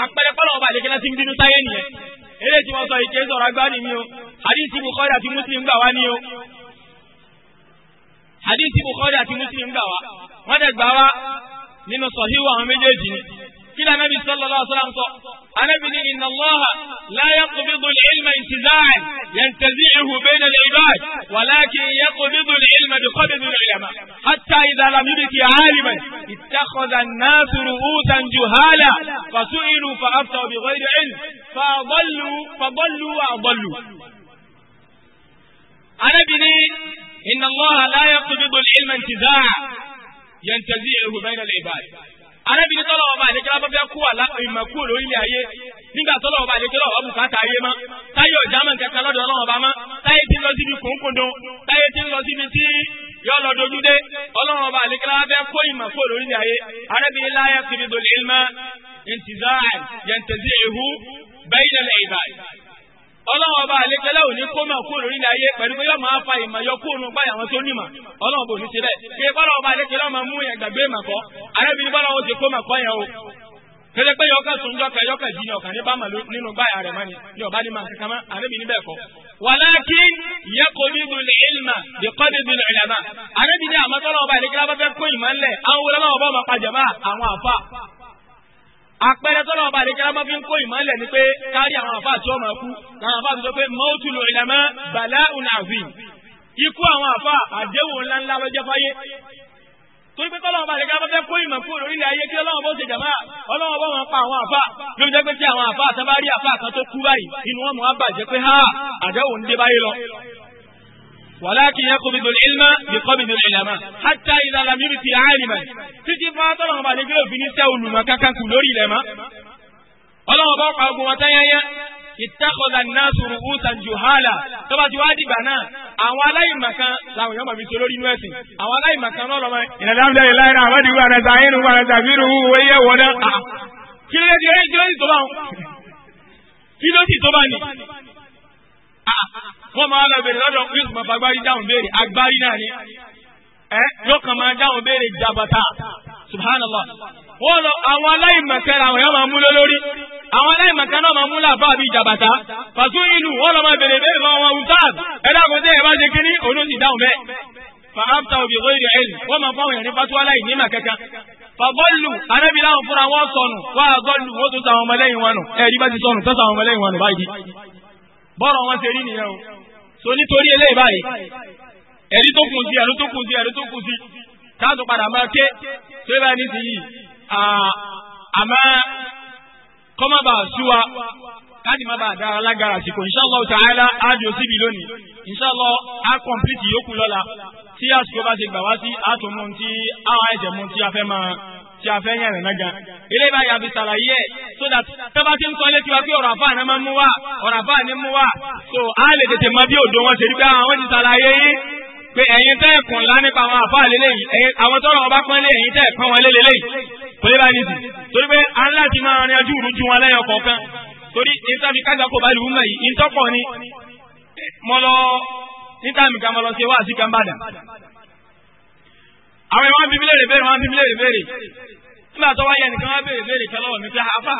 àpẹẹrẹ pẹ́lú ọba àdékẹ́lá ti ń bínú sáyé nìyẹn eré tí wọ́n sọ ìké sọ̀rọ̀ ni mi o hadisi bukhari àti muslim gbà wá ni o hadisi bukhari àti muslim gbà wá wọ́n dẹ̀ gbà wá nínú sọ̀híwò àwọn méjèèjì ni. كلا النبي صلى الله عليه وسلم صلى أنا بني إن الله لا يقبض العلم انتزاعا ينتزعه بين العباد ولكن يقبض العلم بقبض العلماء حتى إذا لم يبت عالما اتخذ الناس رؤوسا جهالا فسئلوا فأفتوا بغير علم فأضلوا فضلوا وأضلوا أنا بني إن الله لا يقبض العلم انتزاعا ينتزعه بين العباد arábìnrin tọ́lọ̀ ọba àlejò abábẹ́ kú wà ìmọ̀ kú lórílẹ̀ ayé nígbà tọ́lọ̀ ọba àlejò lọ́wọ́ bùkátà ayé mọ́ táyé ọ̀já mọ̀ kẹta lọ́dọ̀ ọlọ́wọ́ bá mọ́ táyé tí ń lọ síbi kòńkòndó táyé tí ń lọ síbi tí yọ lọ dojú dé ọlọ́wọ́ ọba àlejò abẹ́ kó ìmọ̀ lórílẹ̀ ayé arábìnrin láyà fi mi dòlè ilmọ̀ intizaar yantazihu bayna al-ibad ọlọ́run ọba àlékẹ́lẹ́ òní kó máa kó lórí ilẹ̀ ayé pẹ̀lú pé yóò máa fa ìmọ̀ yọ kó nu báyà wọn tó nímọ̀ ọlọ́run bò ní ṣe bẹ́ẹ̀ pé bọ́lọ́run ọba àlékẹ́lẹ́ máa mú yẹn gbàgbé mà kọ́ arábìnrin bọ́lọ́run ó ti kó mà kọ́ yẹn o kéde pé yọkà sunjọ kẹ yọkà jí ni ní bámà nínú báyà rẹ mani ní ọba ní màá kankan mọ arábìnrin bẹ́ẹ̀ kọ́. wàlákin yakodidu àpẹẹrẹ tọ́lá ọba àdékẹ́lá máa fi ń kó ìmọ̀lẹ̀ ni pé kárí àwọn àfáà tí ó máa kú làwọn àfáà tó sọ pé mọ́tò lò ìlànà bàlá unavi ikú àwọn àfáà àdéhùn ńláńlá lọ́jọ́ fáyé torí pé tọ́lá ọba àdékẹ́lá máa fẹ́ kó ìmọ̀ kú lórí ilẹ̀ ayé kí ọlọ́wọ́ bó ṣe jàmá ọlọ́wọ́ bó wọn pa àwọn àfáà ló jẹ́ pé tí àwọn àfáà tán bá rí àfáà kan tó kú báyìí inú wọn mọ̀ ولكن يقبض العلم بقبض العلماء حتى إذا لم يبت عالما títí fa tọ́lọ̀ ọba àdégbé òfin ní sẹ́ olùmọ̀ kankan kù lórí ilẹ̀ mọ́ ọlọ́wọ́ bá pa ogun ọ̀tá yẹnyẹn ittakhadha an-nasu ru'usan juhala tó bá ti wá dìgbà náà àwọn aláìmọ̀kan làwọn èèyàn màmí so lórí inú ẹ̀sìn àwọn aláìmọ̀kan náà lọ́mọ ìrẹ̀lẹ́mdẹ́ ìlànà àwọn ìdìbò àrẹ sàyẹ̀nù àrẹ sàfihàn owó iye wọ̀ náà kí ló dé kí ló sì tó bá wọn kí ló sì tó bá ní wọ́n máa lọ bèrè lọ́dọ̀ yóò máa bá gbárí dáhùn béèrè agbárí náà ni ẹ yóò kàn máa dáhùn béèrè jàbàtà subhanallah wọ́n lọ àwọn aláìmọ̀kẹ́ làwọn yóò máa mú lólórí àwọn aláìmọ̀kẹ́ náà máa mú làbá àbí jàbàtà pàtó ìlú wọ́n lọ máa bèrè béèrè lọ́wọ́ ustaz ẹ̀dá kò tẹ́ ẹ̀ bá ṣe kíní òun ló sì dáhùn bẹ́ẹ̀ fàáfta òbí lórí ẹ̀lì wọ́n máa wọn sọnù wọ́n àgọ́lù wọ́n tó sa àwọn wọn nù ẹ̀rí bá ti sọnù tó sa àwọn wọn nù báyìí bọ́rọ̀ wọn ṣe rí nìyẹn o so nítorí eléyìí báyìí ẹ̀rí tó kù sí ẹ̀rí tó kù sí ẹ̀rí tó kù sí káàtó padà máa ké tó yẹ báyìí nísìnyí àmọ́ kọ́mọ́bà ṣúwa káàdì má bàa dára lágara sí kò inshallah ta'ala ájò síbi lónìí inshallah á kọ̀m̀pìtì yókù lọ́la tí àsìkò bá ti gbà wá sí àtúmọ̀ tí àwọn ẹ̀jẹ̀ mú tí a fẹ́ máa tí a fẹ́ yàn rẹ̀ náà gan. ilé ìbá yàfi ṣàlàyé ẹ̀ so that tọ́ba ti ń kọ́ ilé tiwa pé ọ̀rọ̀ àfáà náà máa mú wá ọ̀rọ̀ àfáà ní mú wá so a lè tètè mọ bí òdo wọn ṣe rí pé àwọn ah, ti ṣàlàyé yín pé ẹ̀yin tẹ́ ẹ̀kùn ńlá nípa àwọn àfáà lélẹ́yìn àwọn tọ́rọ̀ ọba pọ́n lé ẹ̀yin tẹ́ ẹ̀kọ́ wọn lélẹ́yìn kò lè bá ní sí torí pé a ń láti máa rin ojú ìrújú wọn lẹ́yìn ọkọ̀ọ̀kan torí ìtàbí kájà kò bá lè wúmọ̀ yìí ìtọ́pọ̀ ni mo lọ nítàmì kan mo lọ ṣe wá sí kan bàdàn àwọn ìwọ́n bíbí léèrè béèrè wọ́n bíbí léèrè béèrè nígbà tó wáyé nìkan wá béèrè béèrè kan lọ́wọ́ mi pé àfà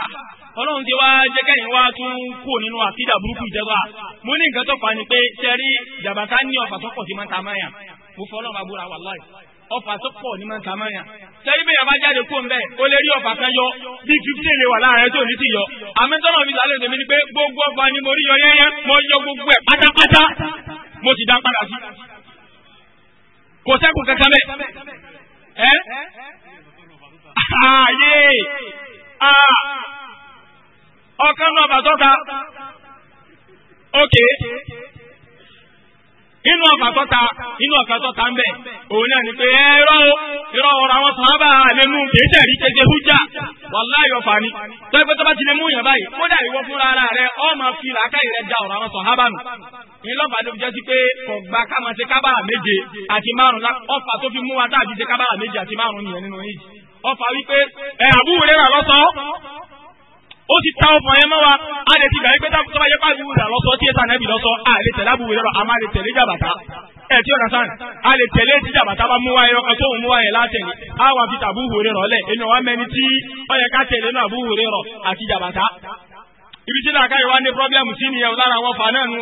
ọlọ́run ti wá jẹ́ kẹ́yìn wá tún kú nínú àkídà burúkú ìjẹba mo ní nǹkan tó fà ni pé sẹ́rí jàbàtà ní ọ̀fà tó pọ̀ sí máa ń ta máyà mo fọ́ ọlọ́run àbúrò wàláhì ọ̀fà tó pọ̀ ní máa ń ta máyà sẹ́rí bẹ́ẹ̀ yàrá jáde kó ń bẹ́ ó lè rí ọ̀fà kan yọ bí fifteen lè wà láàrin tó ní ti yọ àmẹ́tọ́nà mi sàlẹ̀ tèmi ni pé gbogbo ọ̀fà ni mo rí yọ yẹ́yẹ́ mo yọ gbogbo ẹ̀ pátápátá mo sì dá padà sí kò sẹ́kù kankan bẹ́ẹ̀ ẹ́ ààyè à ọkàn náà bàtọ́ta ókè inú ọkà tọ́ta inú ọkà tọ́ta ń bẹ̀ òun náà ni pé ẹ irọ́ o irọ́ ọ̀rọ̀ àwọn sàábà lẹ́nu kéṣẹ́ rí kéṣe hújà wàláhì ọ̀fà ni tó ẹgbẹ́ bá ti ọ máa fi làákàyè rẹ ja ọ̀rọ̀ àwọn sàábà nù. ìlọ́fà ló fi jẹ́ sí pé kò gba ká máa ṣe kábàrà méje àti márùn ọfà tó fi mú wa dáàbí ṣe kábàrà méje àti márùn nìyẹn nínú yìí ọfà wípé ẹ àbúrò rẹ rà lọ́sọ̀ ó ti ta ọfà yẹn mọ́ wa a lè ti gbàgbé tó bá yẹ pé àbúrò rà lọ́sọ̀ tí èsà nẹ́bì lọ́sọ̀ a lè tẹ̀lé àbúrò rẹ lọ a máa lè tẹ̀lé jàbàtà ẹ tí ọ̀nà sáà a lè tẹ̀lé tí jàbàtà bá mú wa yẹn ọkàn tó ń mú wa yẹn látẹ̀lé a wà fi tàbú hòrè rọ̀ lẹ̀ ẹnu wa mẹni tí ó yẹ ká tẹ̀lé náà àbú hòrè rọ̀ àti jàbàtà ibi tí làákàyè wa ní pírọ́blẹ́mù sí nìyẹn lára àwọn fà náà nù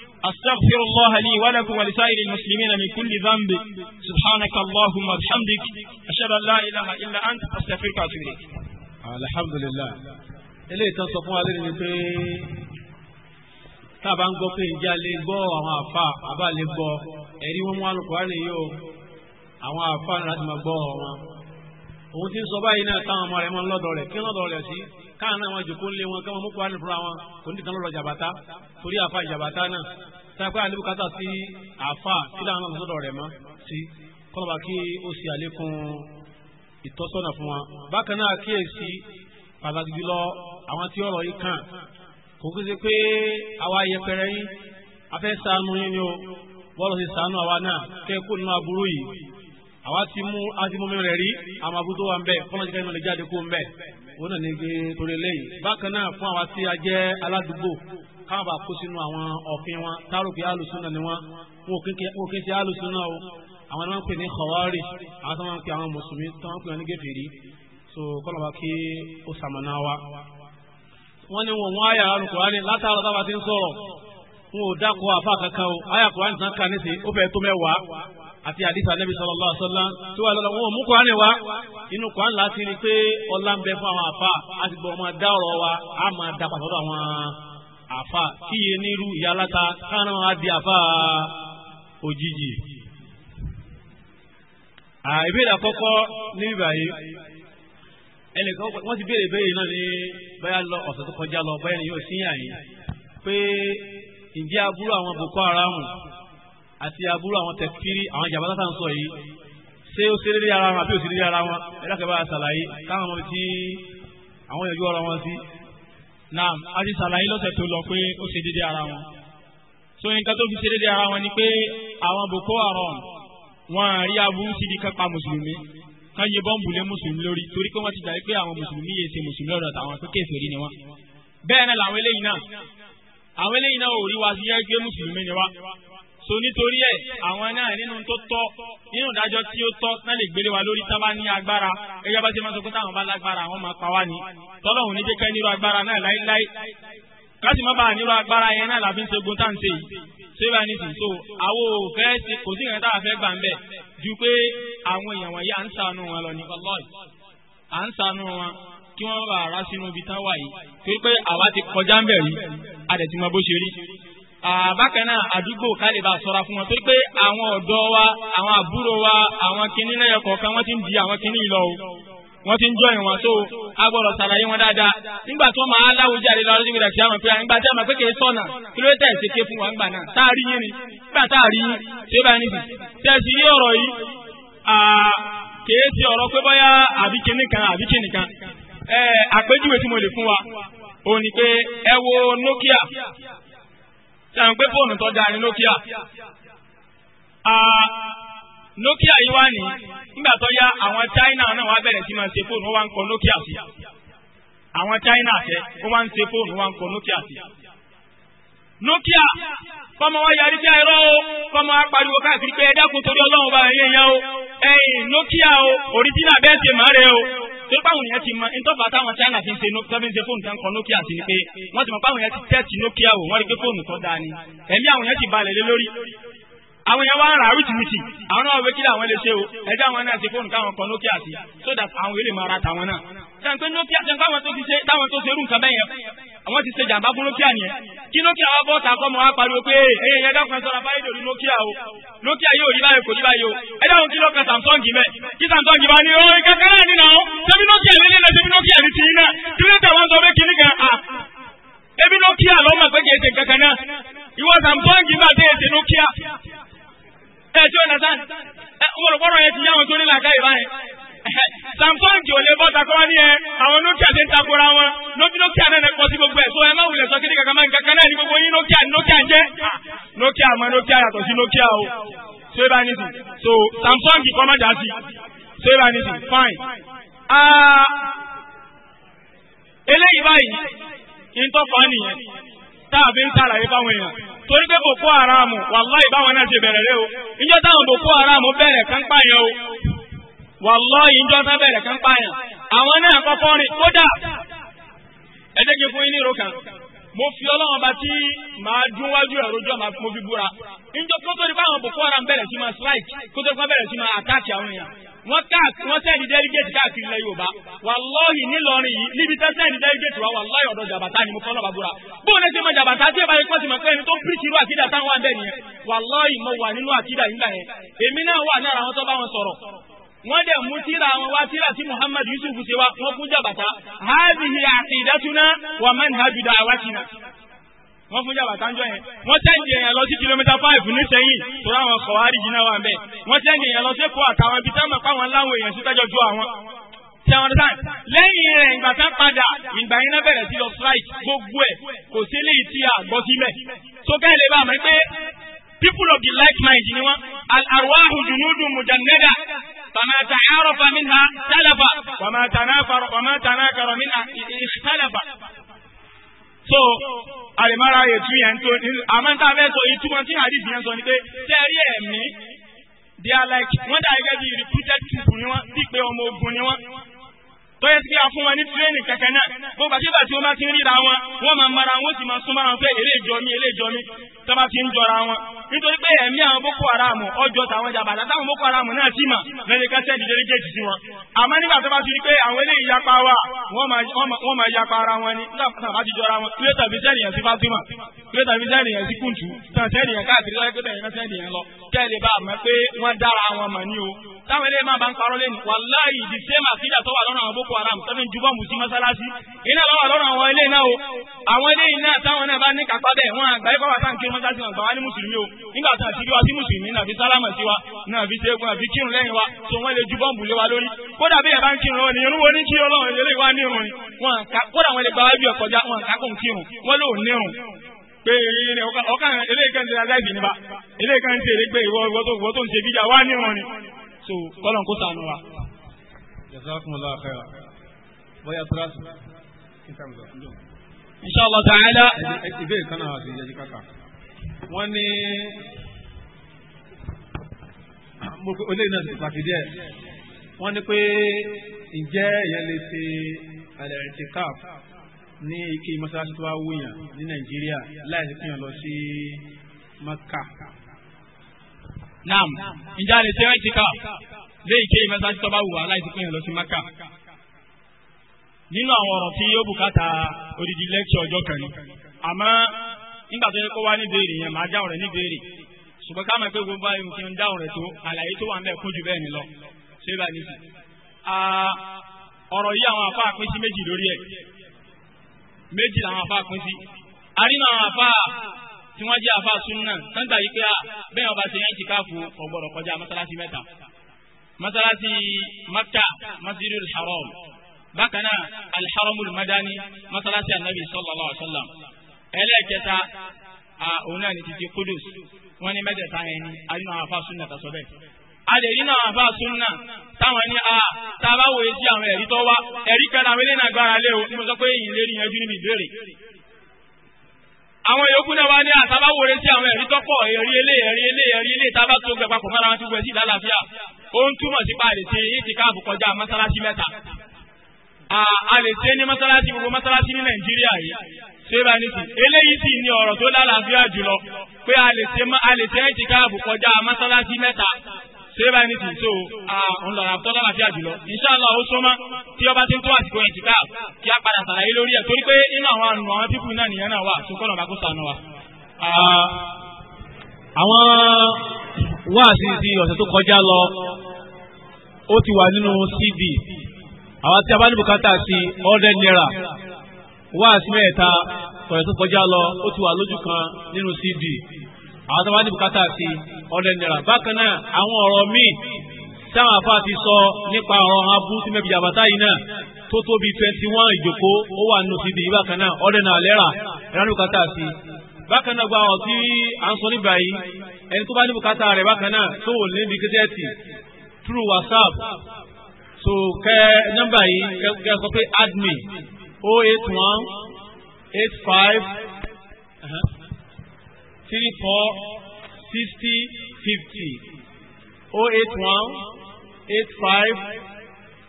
أستغفر الله لي ولكم ولسائر المسلمين من كل ذنب سبحانك اللهم وبحمدك أشهد أن لا إله إلا أنت أستغفرك وأتوب إليك الحمد لله eléyìí tán sọ fún wa lónìí pé tá a bá ń gbọ́ pé ǹjẹ́ a lè gbọ́ àwọn àfa àbá lè gbọ́ ẹ̀rí wọn mú alùpùpù yìí o àwọn àfa láti máa gbọ́ wọn. òun ti ń sọ báyìí náà táwọn ọmọ rẹ̀ mọ́ lọ́dọ̀ rẹ̀ kí lọ́dọ̀ rẹ̀ sí káwọn náà wọn jòkó ńlé wọn káwọn mú kó àlùfúra wọn kò ní ìtàn lọ́rọ̀ jàbàtà torí àfa ìjàbàtà náà sápẹ́ àlébùkátà sí àfa kí láwọn náà sọ́dọ̀ rẹ̀ mọ́ sí kọ́nọ̀bà kí ó sì àlékún ìtọ́sọ́nà fún wa bákan náà kíyèsí pàtàkì jùlọ àwọn tí ọ̀rọ̀ yìí kàn kò kí ṣe pé àwa yẹpẹrẹ yín afẹ́ ṣàánú yín ni o bọ́ọ̀lù ti ṣàánú àwa náà kẹ́kọ̀ọ́ nínú aburú yìí àwa ti mú àti mú mi rẹ̀ rí àwọn aburú tó wà ń bẹ kọ́nà jẹ́ kẹ́kẹ́ lè jáde kó ń bẹ òun náà ní gbé torí lẹ́yìn bákan náà fún àwa tí a jẹ́ aládùúgbò káwọn bá kó sínú àwọn ọ̀fin wọn tárùkì alùsùnà ni wọn wọn ò kí ń ṣe alùsùnà o àwọn ni wọn ń pè ní kọwárì àwọn tó wọn ń pè àwọn mùsùlùmí tó wọn ń pè wọn ní gèfèrí so kọlọba kí ó sàmànà wa. wọn ní wọn wọn àyà alùkùránì látàrọ táwa ti ń sọ̀rọ̀ wọn ò dákọ àfa kankan o àyà kùránì tán kà nísìnyí ó fẹ́ tó mẹ́wàá àti àdìsá nẹ́bí sallallahu alaihi wasallam tó wà lọ́la wọn ò mú Kùránì wá inú Kùránì láti rí i pé ọlá ń bẹ fún àwọn àfa a ti gbọ́ ọmọ dá ọ̀rọ̀ wa a máa da pàtó àwọn àfa kíyè nírú ìyálàta káwọn máa di àfa òjijì. ìbéèrè àkọ́kọ́ ní ìbàyí ẹnìkan wọ́n ti béèrè béèrè náà ní báyà lọ ọ̀sẹ̀ tó kọjá lọ báyà ni yóò síyàn yìí pé ǹjẹ́ aburú àwọn Boko Haram àti aburú àwọn tẹ̀fírí àwọn ìjàmbá tá à ń sọ yìí ṣé ó ṣe dédé ara wọn àbí ó ṣe dédé ara wọn ẹ̀dá kẹfà àṣàlàyé káwọn ọmọ tí àwọn yọjú ọ̀rọ̀ wọn sí. naam a ti ṣàlàyé lọ́sẹ̀ tó lọ pé ó ṣe dédé ara wọn. so nǹkan tó fi ṣe dédé ara wọn ni pé àwọn Boko Haram wọn à rí aburú síbi kápá mùsùlùmí ká yẹ bọ́ǹbù lé mùsùlùmí lórí torí pé wọ́n ti gbà pé àwọn mùsùlùmí yé ṣe mùsùlùmí lọ́dọ̀ so nítorí ẹ àwọn náà nínú tó tọ́ nínú ìdájọ́ tí ó tọ́ náà lè gbélé wa lórí tá a bá ní agbára gẹ́gẹ́ bá ti máa sọ pé táwọn bá lágbára àwọn máa pa wá ni tọ́lọ́hùn ní jẹ́kẹ́ nírú agbára náà láíláí káàsì má bàa nírú agbára yẹn náà làbí ń ṣe gun tá à ń ṣe yìí ṣé bá ní sìn so àwọn ò fẹ́ ṣe kò sí ìrántá àfẹ́ gbà ń bẹ̀ ju pé àwọn èèyàn wọ̀nyí à ń sànù wọn lọ ní ọlọ́ọ̀lì à ń sànù wọn kí wọ́n bá ara sínú ibi tán wà yìí pé pé àwa ti kọjá ń bẹ̀ rí a bó ṣe rí bákan náà àdúgbò ká lè bá sọ́ra fún wọn torí pé àwọn ọ̀dọ́ wa àwọn àbúrò wa àwọn kinní náà wọ́n ti ń di àwọn kinní yìí lọ o wọ́n ti ń jọ ìwọ̀n tó agbọ́dọ̀ wọn dáadáa nígbà wọ́n máa láwùjọ àdéhùn àwọn nígbà tí a máa pé fún náà tá a rí yín ni nígbà tá a rí yín tí ó bá níbi tẹ̀sí ọ̀rọ̀ yìí kìí ti ọ̀rọ̀ pé bọ́yá àbí kan fún wa òun ni pé ẹ sẹ́wọ̀n pé fóònù tó dáa ní Nokia Nokia yìí wá ní nígbà tó yá àwọn China náà wá bẹ̀rẹ̀ sí máa ṣe fóònù wọ́n wá ń kọ Nokia sí àwọn China tẹ wọ́n wá ń ṣe fóònù kọ Nokia sí. Nokia wa yarí o kọ́mọ wa pariwo káàkiri pé ẹ dákun torí Ọlọ́run o Nokia o òrìjínà bẹ́ẹ̀ o. torí pàwọn èèyàn ti mọ ntọ́fà táwọn China fi ń ṣe sẹ́fíǹsì fóònù kan kọ Nokia sí ni pé wọ́n ti mọ pàwọn èèyàn ti tẹ́ẹ̀tì Nokia wò wọ́n rí pé fóònù tó dáa ni ẹ̀mí àwọn èèyàn ti balẹ̀ lé lórí àwọn yẹn wá ń ra wìtìwìtì àwọn náà wé kí làwọn lè ṣe o ẹjọ́ àwọn náà ti fóònù káwọn kan Nokia sí so that àwọn yẹn lè máa ra tàwọn náà. sẹ́ńpé Nokia sẹ́ńpé àwọn tó ti ṣe táwọn tó ṣerú nǹkan bẹ́ẹ̀ yẹn àwọn ti ṣe jàǹbá fún Nokia nìyẹn kí Nokia wá bọ́ ta kọ́mọ wá pariwo pé ẹyẹ ẹyẹ dákun ẹsọ làbá yìí lórí Nokia o Nokia yóò rí báyìí kò rí báyìí o ẹ dáhùn kí lọ́kàn Samsung mẹ́ kí Samsung bá ní orin kékeré nínú àwọn tẹ́bí Nokia nílé náà tẹ́bí Nokia ní tìyín náà kí ló tẹ̀ wọ́n sọ pé kíní kan à ah. ẹbí Nokia lọ́mọ pé kì í ṣe kankan náà ìwọ Samsung bá dé ètè Nokia ẹ tí ó nà sáà ọmọlùpọ̀rọ̀ yẹn ti yá àwọn tó ní làákà ìbáyẹn samsung ò lè bọ́ takọ́rọ́ ní ẹ àwọn nokia ti ń takora wọn nokia náà nẹ́pọ̀ sí gbogbo ẹ̀ so ẹ má wulẹ̀ sọ kíni kankan máa ń kankan náà ní gbogbo yín nokia nokia ń jẹ́ nokia àmọ́ nokia yàtọ̀ sí nokia o so ẹ bá ní sí so samsung kọ́ má dà sí so ẹ bá ní sí fine. Ah, eléyìí báyìí ń tọ́kọ̀ nìyẹn. táàbí ń sàlàyé fáwọn èèyàn torí pé boko haram wàláì báwọn náà ṣe bẹ̀rẹ̀ rẹ o ìjọ táwọn boko haram bẹ̀rẹ̀ kan pààyàn o wàláì ìjọ tán bẹ̀rẹ̀ kan pààyàn àwọn náà kọ́kọ́ rìn kódà ẹ̀ẹ́dẹ́gbẹ́ fún yín ní kan mo fi tí màá dún wájú ẹ̀rọ mo wọ́n káàkiri wọ́n sẹ́ẹ̀dì dẹ́rígẹ́tì káàkiri ilẹ̀ Yorùbá wàlọ́ọ̀hì nílọrin yìí níbi tẹ́ sẹ́ẹ̀dì dẹ́rígẹ́tì wa wàlọ́ọ̀hì ọ̀dọ̀ jàbàtà ni mo fọ́ lọ́ba búra bó ní ṣe mọ jàbàtà tí ẹ bá yẹ kọ́ sí mọ̀ pé ẹni tó ń píríṣì irú àkídà táwọn abẹ́ nìyẹn wàlọ́ọ̀hì mo wà nínú àkídà yìí láyẹn èmi náà wà lára àwọn tó bá wọn sọ̀rọ̀ wọ́n dẹ̀ mú tíra àwọn wá tíra tí Muhammad Yusuf ṣe wa wọ́n fún jàbàtà hádìhì àkìdátúná wà manhaju da'watina wọ́n fún jàbàtà ń jọ yẹn wọ́n tẹ́ǹdì èèyàn lọ sí kìlómítà fáìfù nítẹ̀yìn tó ráwọn kọ̀wárì jìnnà wà ń bẹ̀ wọ́n tẹ́ǹdì èèyàn lọ sí èkó àtàwọn ibi táwọn pàwọn láwọn èèyàn sí tẹ́jọ́ ju àwọn lẹ́yìn rẹ̀ ìgbà tá padà ìgbà yẹn náà bẹ̀rẹ̀ sí lọ strike gbogbo ẹ̀ kò sí eléyìí tí a sílẹ̀ so bẹ́ẹ̀ lè bá a pé people of the like mind ni wọ́n al-arwahu junudun mujannada fama ta'arafa minha talafa wama tanafara wama tanakara so àlèmọ́ra ètú yẹn tó àmọ́ níta fẹ́ sọ ìtumọ̀ tí àdìsí yẹn sọ ni pé tẹ́rí ẹ̀mí they are like wọ́n dà gẹ́gẹ́ bí recruited people ni wọ́n bí ọmọ ogun ni wọ́n. tọ́yẹ́ sí pé a fún wọn ní tírénì kẹ̀kẹ́ náà gbogbo àkígbà tí wọ́n bá ti ríra wọn wọ́n máa mara wọn ó sì máa súnmọ́ra wọn pé èlé ìjọ èlé tó bá ti ń jọra wọn nítorí pé ẹ̀mí àwọn boko haram ọjọ́ tàwọn jàbàtà táwọn boko haram náà sì mà lẹ́yìn kẹsẹ́ ìdílé méjèèjì sí wọn àmọ́ nígbà tó bá pé àwọn ilé Boko Haram tọ́fẹ́ ju bọ́ọ̀mù sí mọ́sálásí iná lọ́wọ́ lọ́rọ̀ àwọn ilé náà o àwọn ilé iná táwọn náà bá ní kápá bẹ́ẹ̀ wọ́n àgbáyé pàwọ́ sáǹkì mọ́sálásí wọn gbàwá ní mùsùlùmí o nígbà tá a ti rí wa sí mùsùlùmí náà fi sálámà sí wa náà fi ṣẹ́gun àfi kírun lẹ́yìn wa tó wọ́n lè ju bọ́ọ̀mù lé wa lórí kódà bí ẹ̀bá ń kírun lọ́wọ́ ni irú wo ní kí ọlọ́run ilé wa ní ni wọn kódà ilé ọkàn eléyìí kan ti ra láìsí nípa kan ti èrè pé ìwọ ìwọ tó ń ṣe bíjà wá ní ni so kọ́lọ̀ ń kó sànù wa jazakumullahu الله خيرا. ويا kíkà mi شاء الله تعالى. ta'ala. ìbéèrè kan náà àti ìyẹjú kàkà wọ́n ní olóyìn náà ti pàtàkì díẹ̀ wọ́n ní pé ǹjẹ́ ìyẹn lè ṣe al-i'tikaf ní ike mọ́sálásí tó wá wúyàn ní nàìjíríà láìsí kíyàn lọ sí Mẹ́kà. naam ǹjẹ́ a lè ṣe i'tikaf. léyìí ike mẹ́sáájú tó bá wù wá láì sí yẹn lọ sí maka nínú àwọn ọ̀rọ̀ tí yóò bùkátà odidi lẹ́kṣọ̀ ọjọ kan ni n'gbato nígbà tó yẹ kó wá níbèrè yẹn màá dáhùn rẹ̀ níbèrè ká pé gbogbo ayé n dáhùn rẹ̀ tó àlàyé tó wà ń bẹ̀ kún jù bẹ́ẹ̀ ni lọ ṣé bá ní sí. yìí àwọn pín sí méjì lórí méjì làwọn pín sí. àrínà àwọn tí sunna masalasi makka masjidul haram bákan náà aliharamul madani masalasi anabi sallallahu alaihi wa sallam ẹlẹ́ẹ̀kẹta òun náà ní títí kudus wọ́n ní mẹ́tẹ̀ẹ̀ta yẹn ni a nínú àwọn afa sunna tàṣọ bẹ́ẹ̀ a lè rí náà àbá súnà táwọn ní a tá a bá wòye sí àwọn ẹ̀rí tó wá ẹ̀rí kan àwọn eléyìí náà gbára lé o ní mo sọ pé èyí lè rí yanjú níbi ìbéèrè. àwọn yòókù náà wá ní àtàbá wòye sí àwọn ẹ̀rí tó pọ̀ ẹ̀rí eléyìí ẹ̀rí eléyìí ẹ̀rí eléyìí tá tó gbẹ ó ń túmọ̀ sí báyìí sí ìtìkáàfù kọjá masalasi mẹ́ta a lè ṣe ní masalasi gbogbo mọ́sálásí ní nàìjíríà yìí ṣé bá ní sí eléyìí sì ní ọ̀rọ̀ tó lálàáfíà jùlọ pé a lè ṣe ìtìkáàfù kọjá mọ́sálásí mẹ́ta ṣé bá ní sí so ń lọ́ra tó lálàáfíà jùlọ inṣàlá ó súnmọ́ tí ọba ti ń tó àsìkò ìtìká kí a padà ṣàlàyé lórí ẹ̀ torí pé inú àwọn àrùn àwọn pípù náà nìyẹn náà wà sókòlò àwọn wáàsí ti ọ̀sẹ̀ tó kọjá lọ ó ti wà nínú cd àwọn tí a bá ní bùkátà sí ọ̀rẹ́ náírà wáàsí mẹ́ta ọ̀sẹ̀ tó kọjá lọ ti wà lójú kan nínú cd àwọn tí a bá ní bùkátà sí ọ̀rẹ́ náírà bákan náà àwọn ọ̀rọ̀ míì táwọn afá ti sọ nípa ọ̀rọ̀ abú tí yìí náà tó one ìjòkó ó wà nínú cd bákan náà ìránú bákan náà gba àwọn tí a ń sọ nígbà yìí ẹni tó bá ní bùkátà rẹ̀ bákan náà tó wò níbi kẹ́tẹ́ẹ̀tì through whatsapp so kẹ nọ́mbà yìí kẹ sọ pé add me oh uh-huh, o oh eight one eight five three four sixty fifty o eight one eight five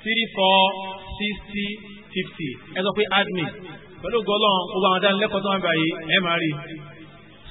three four sixty fifty ẹ sọ pé add me pẹ̀lú gọlọ́n gbogbo àwọn dánilẹ́kọ̀ọ́ tó wà báyìí ẹ máa rí i.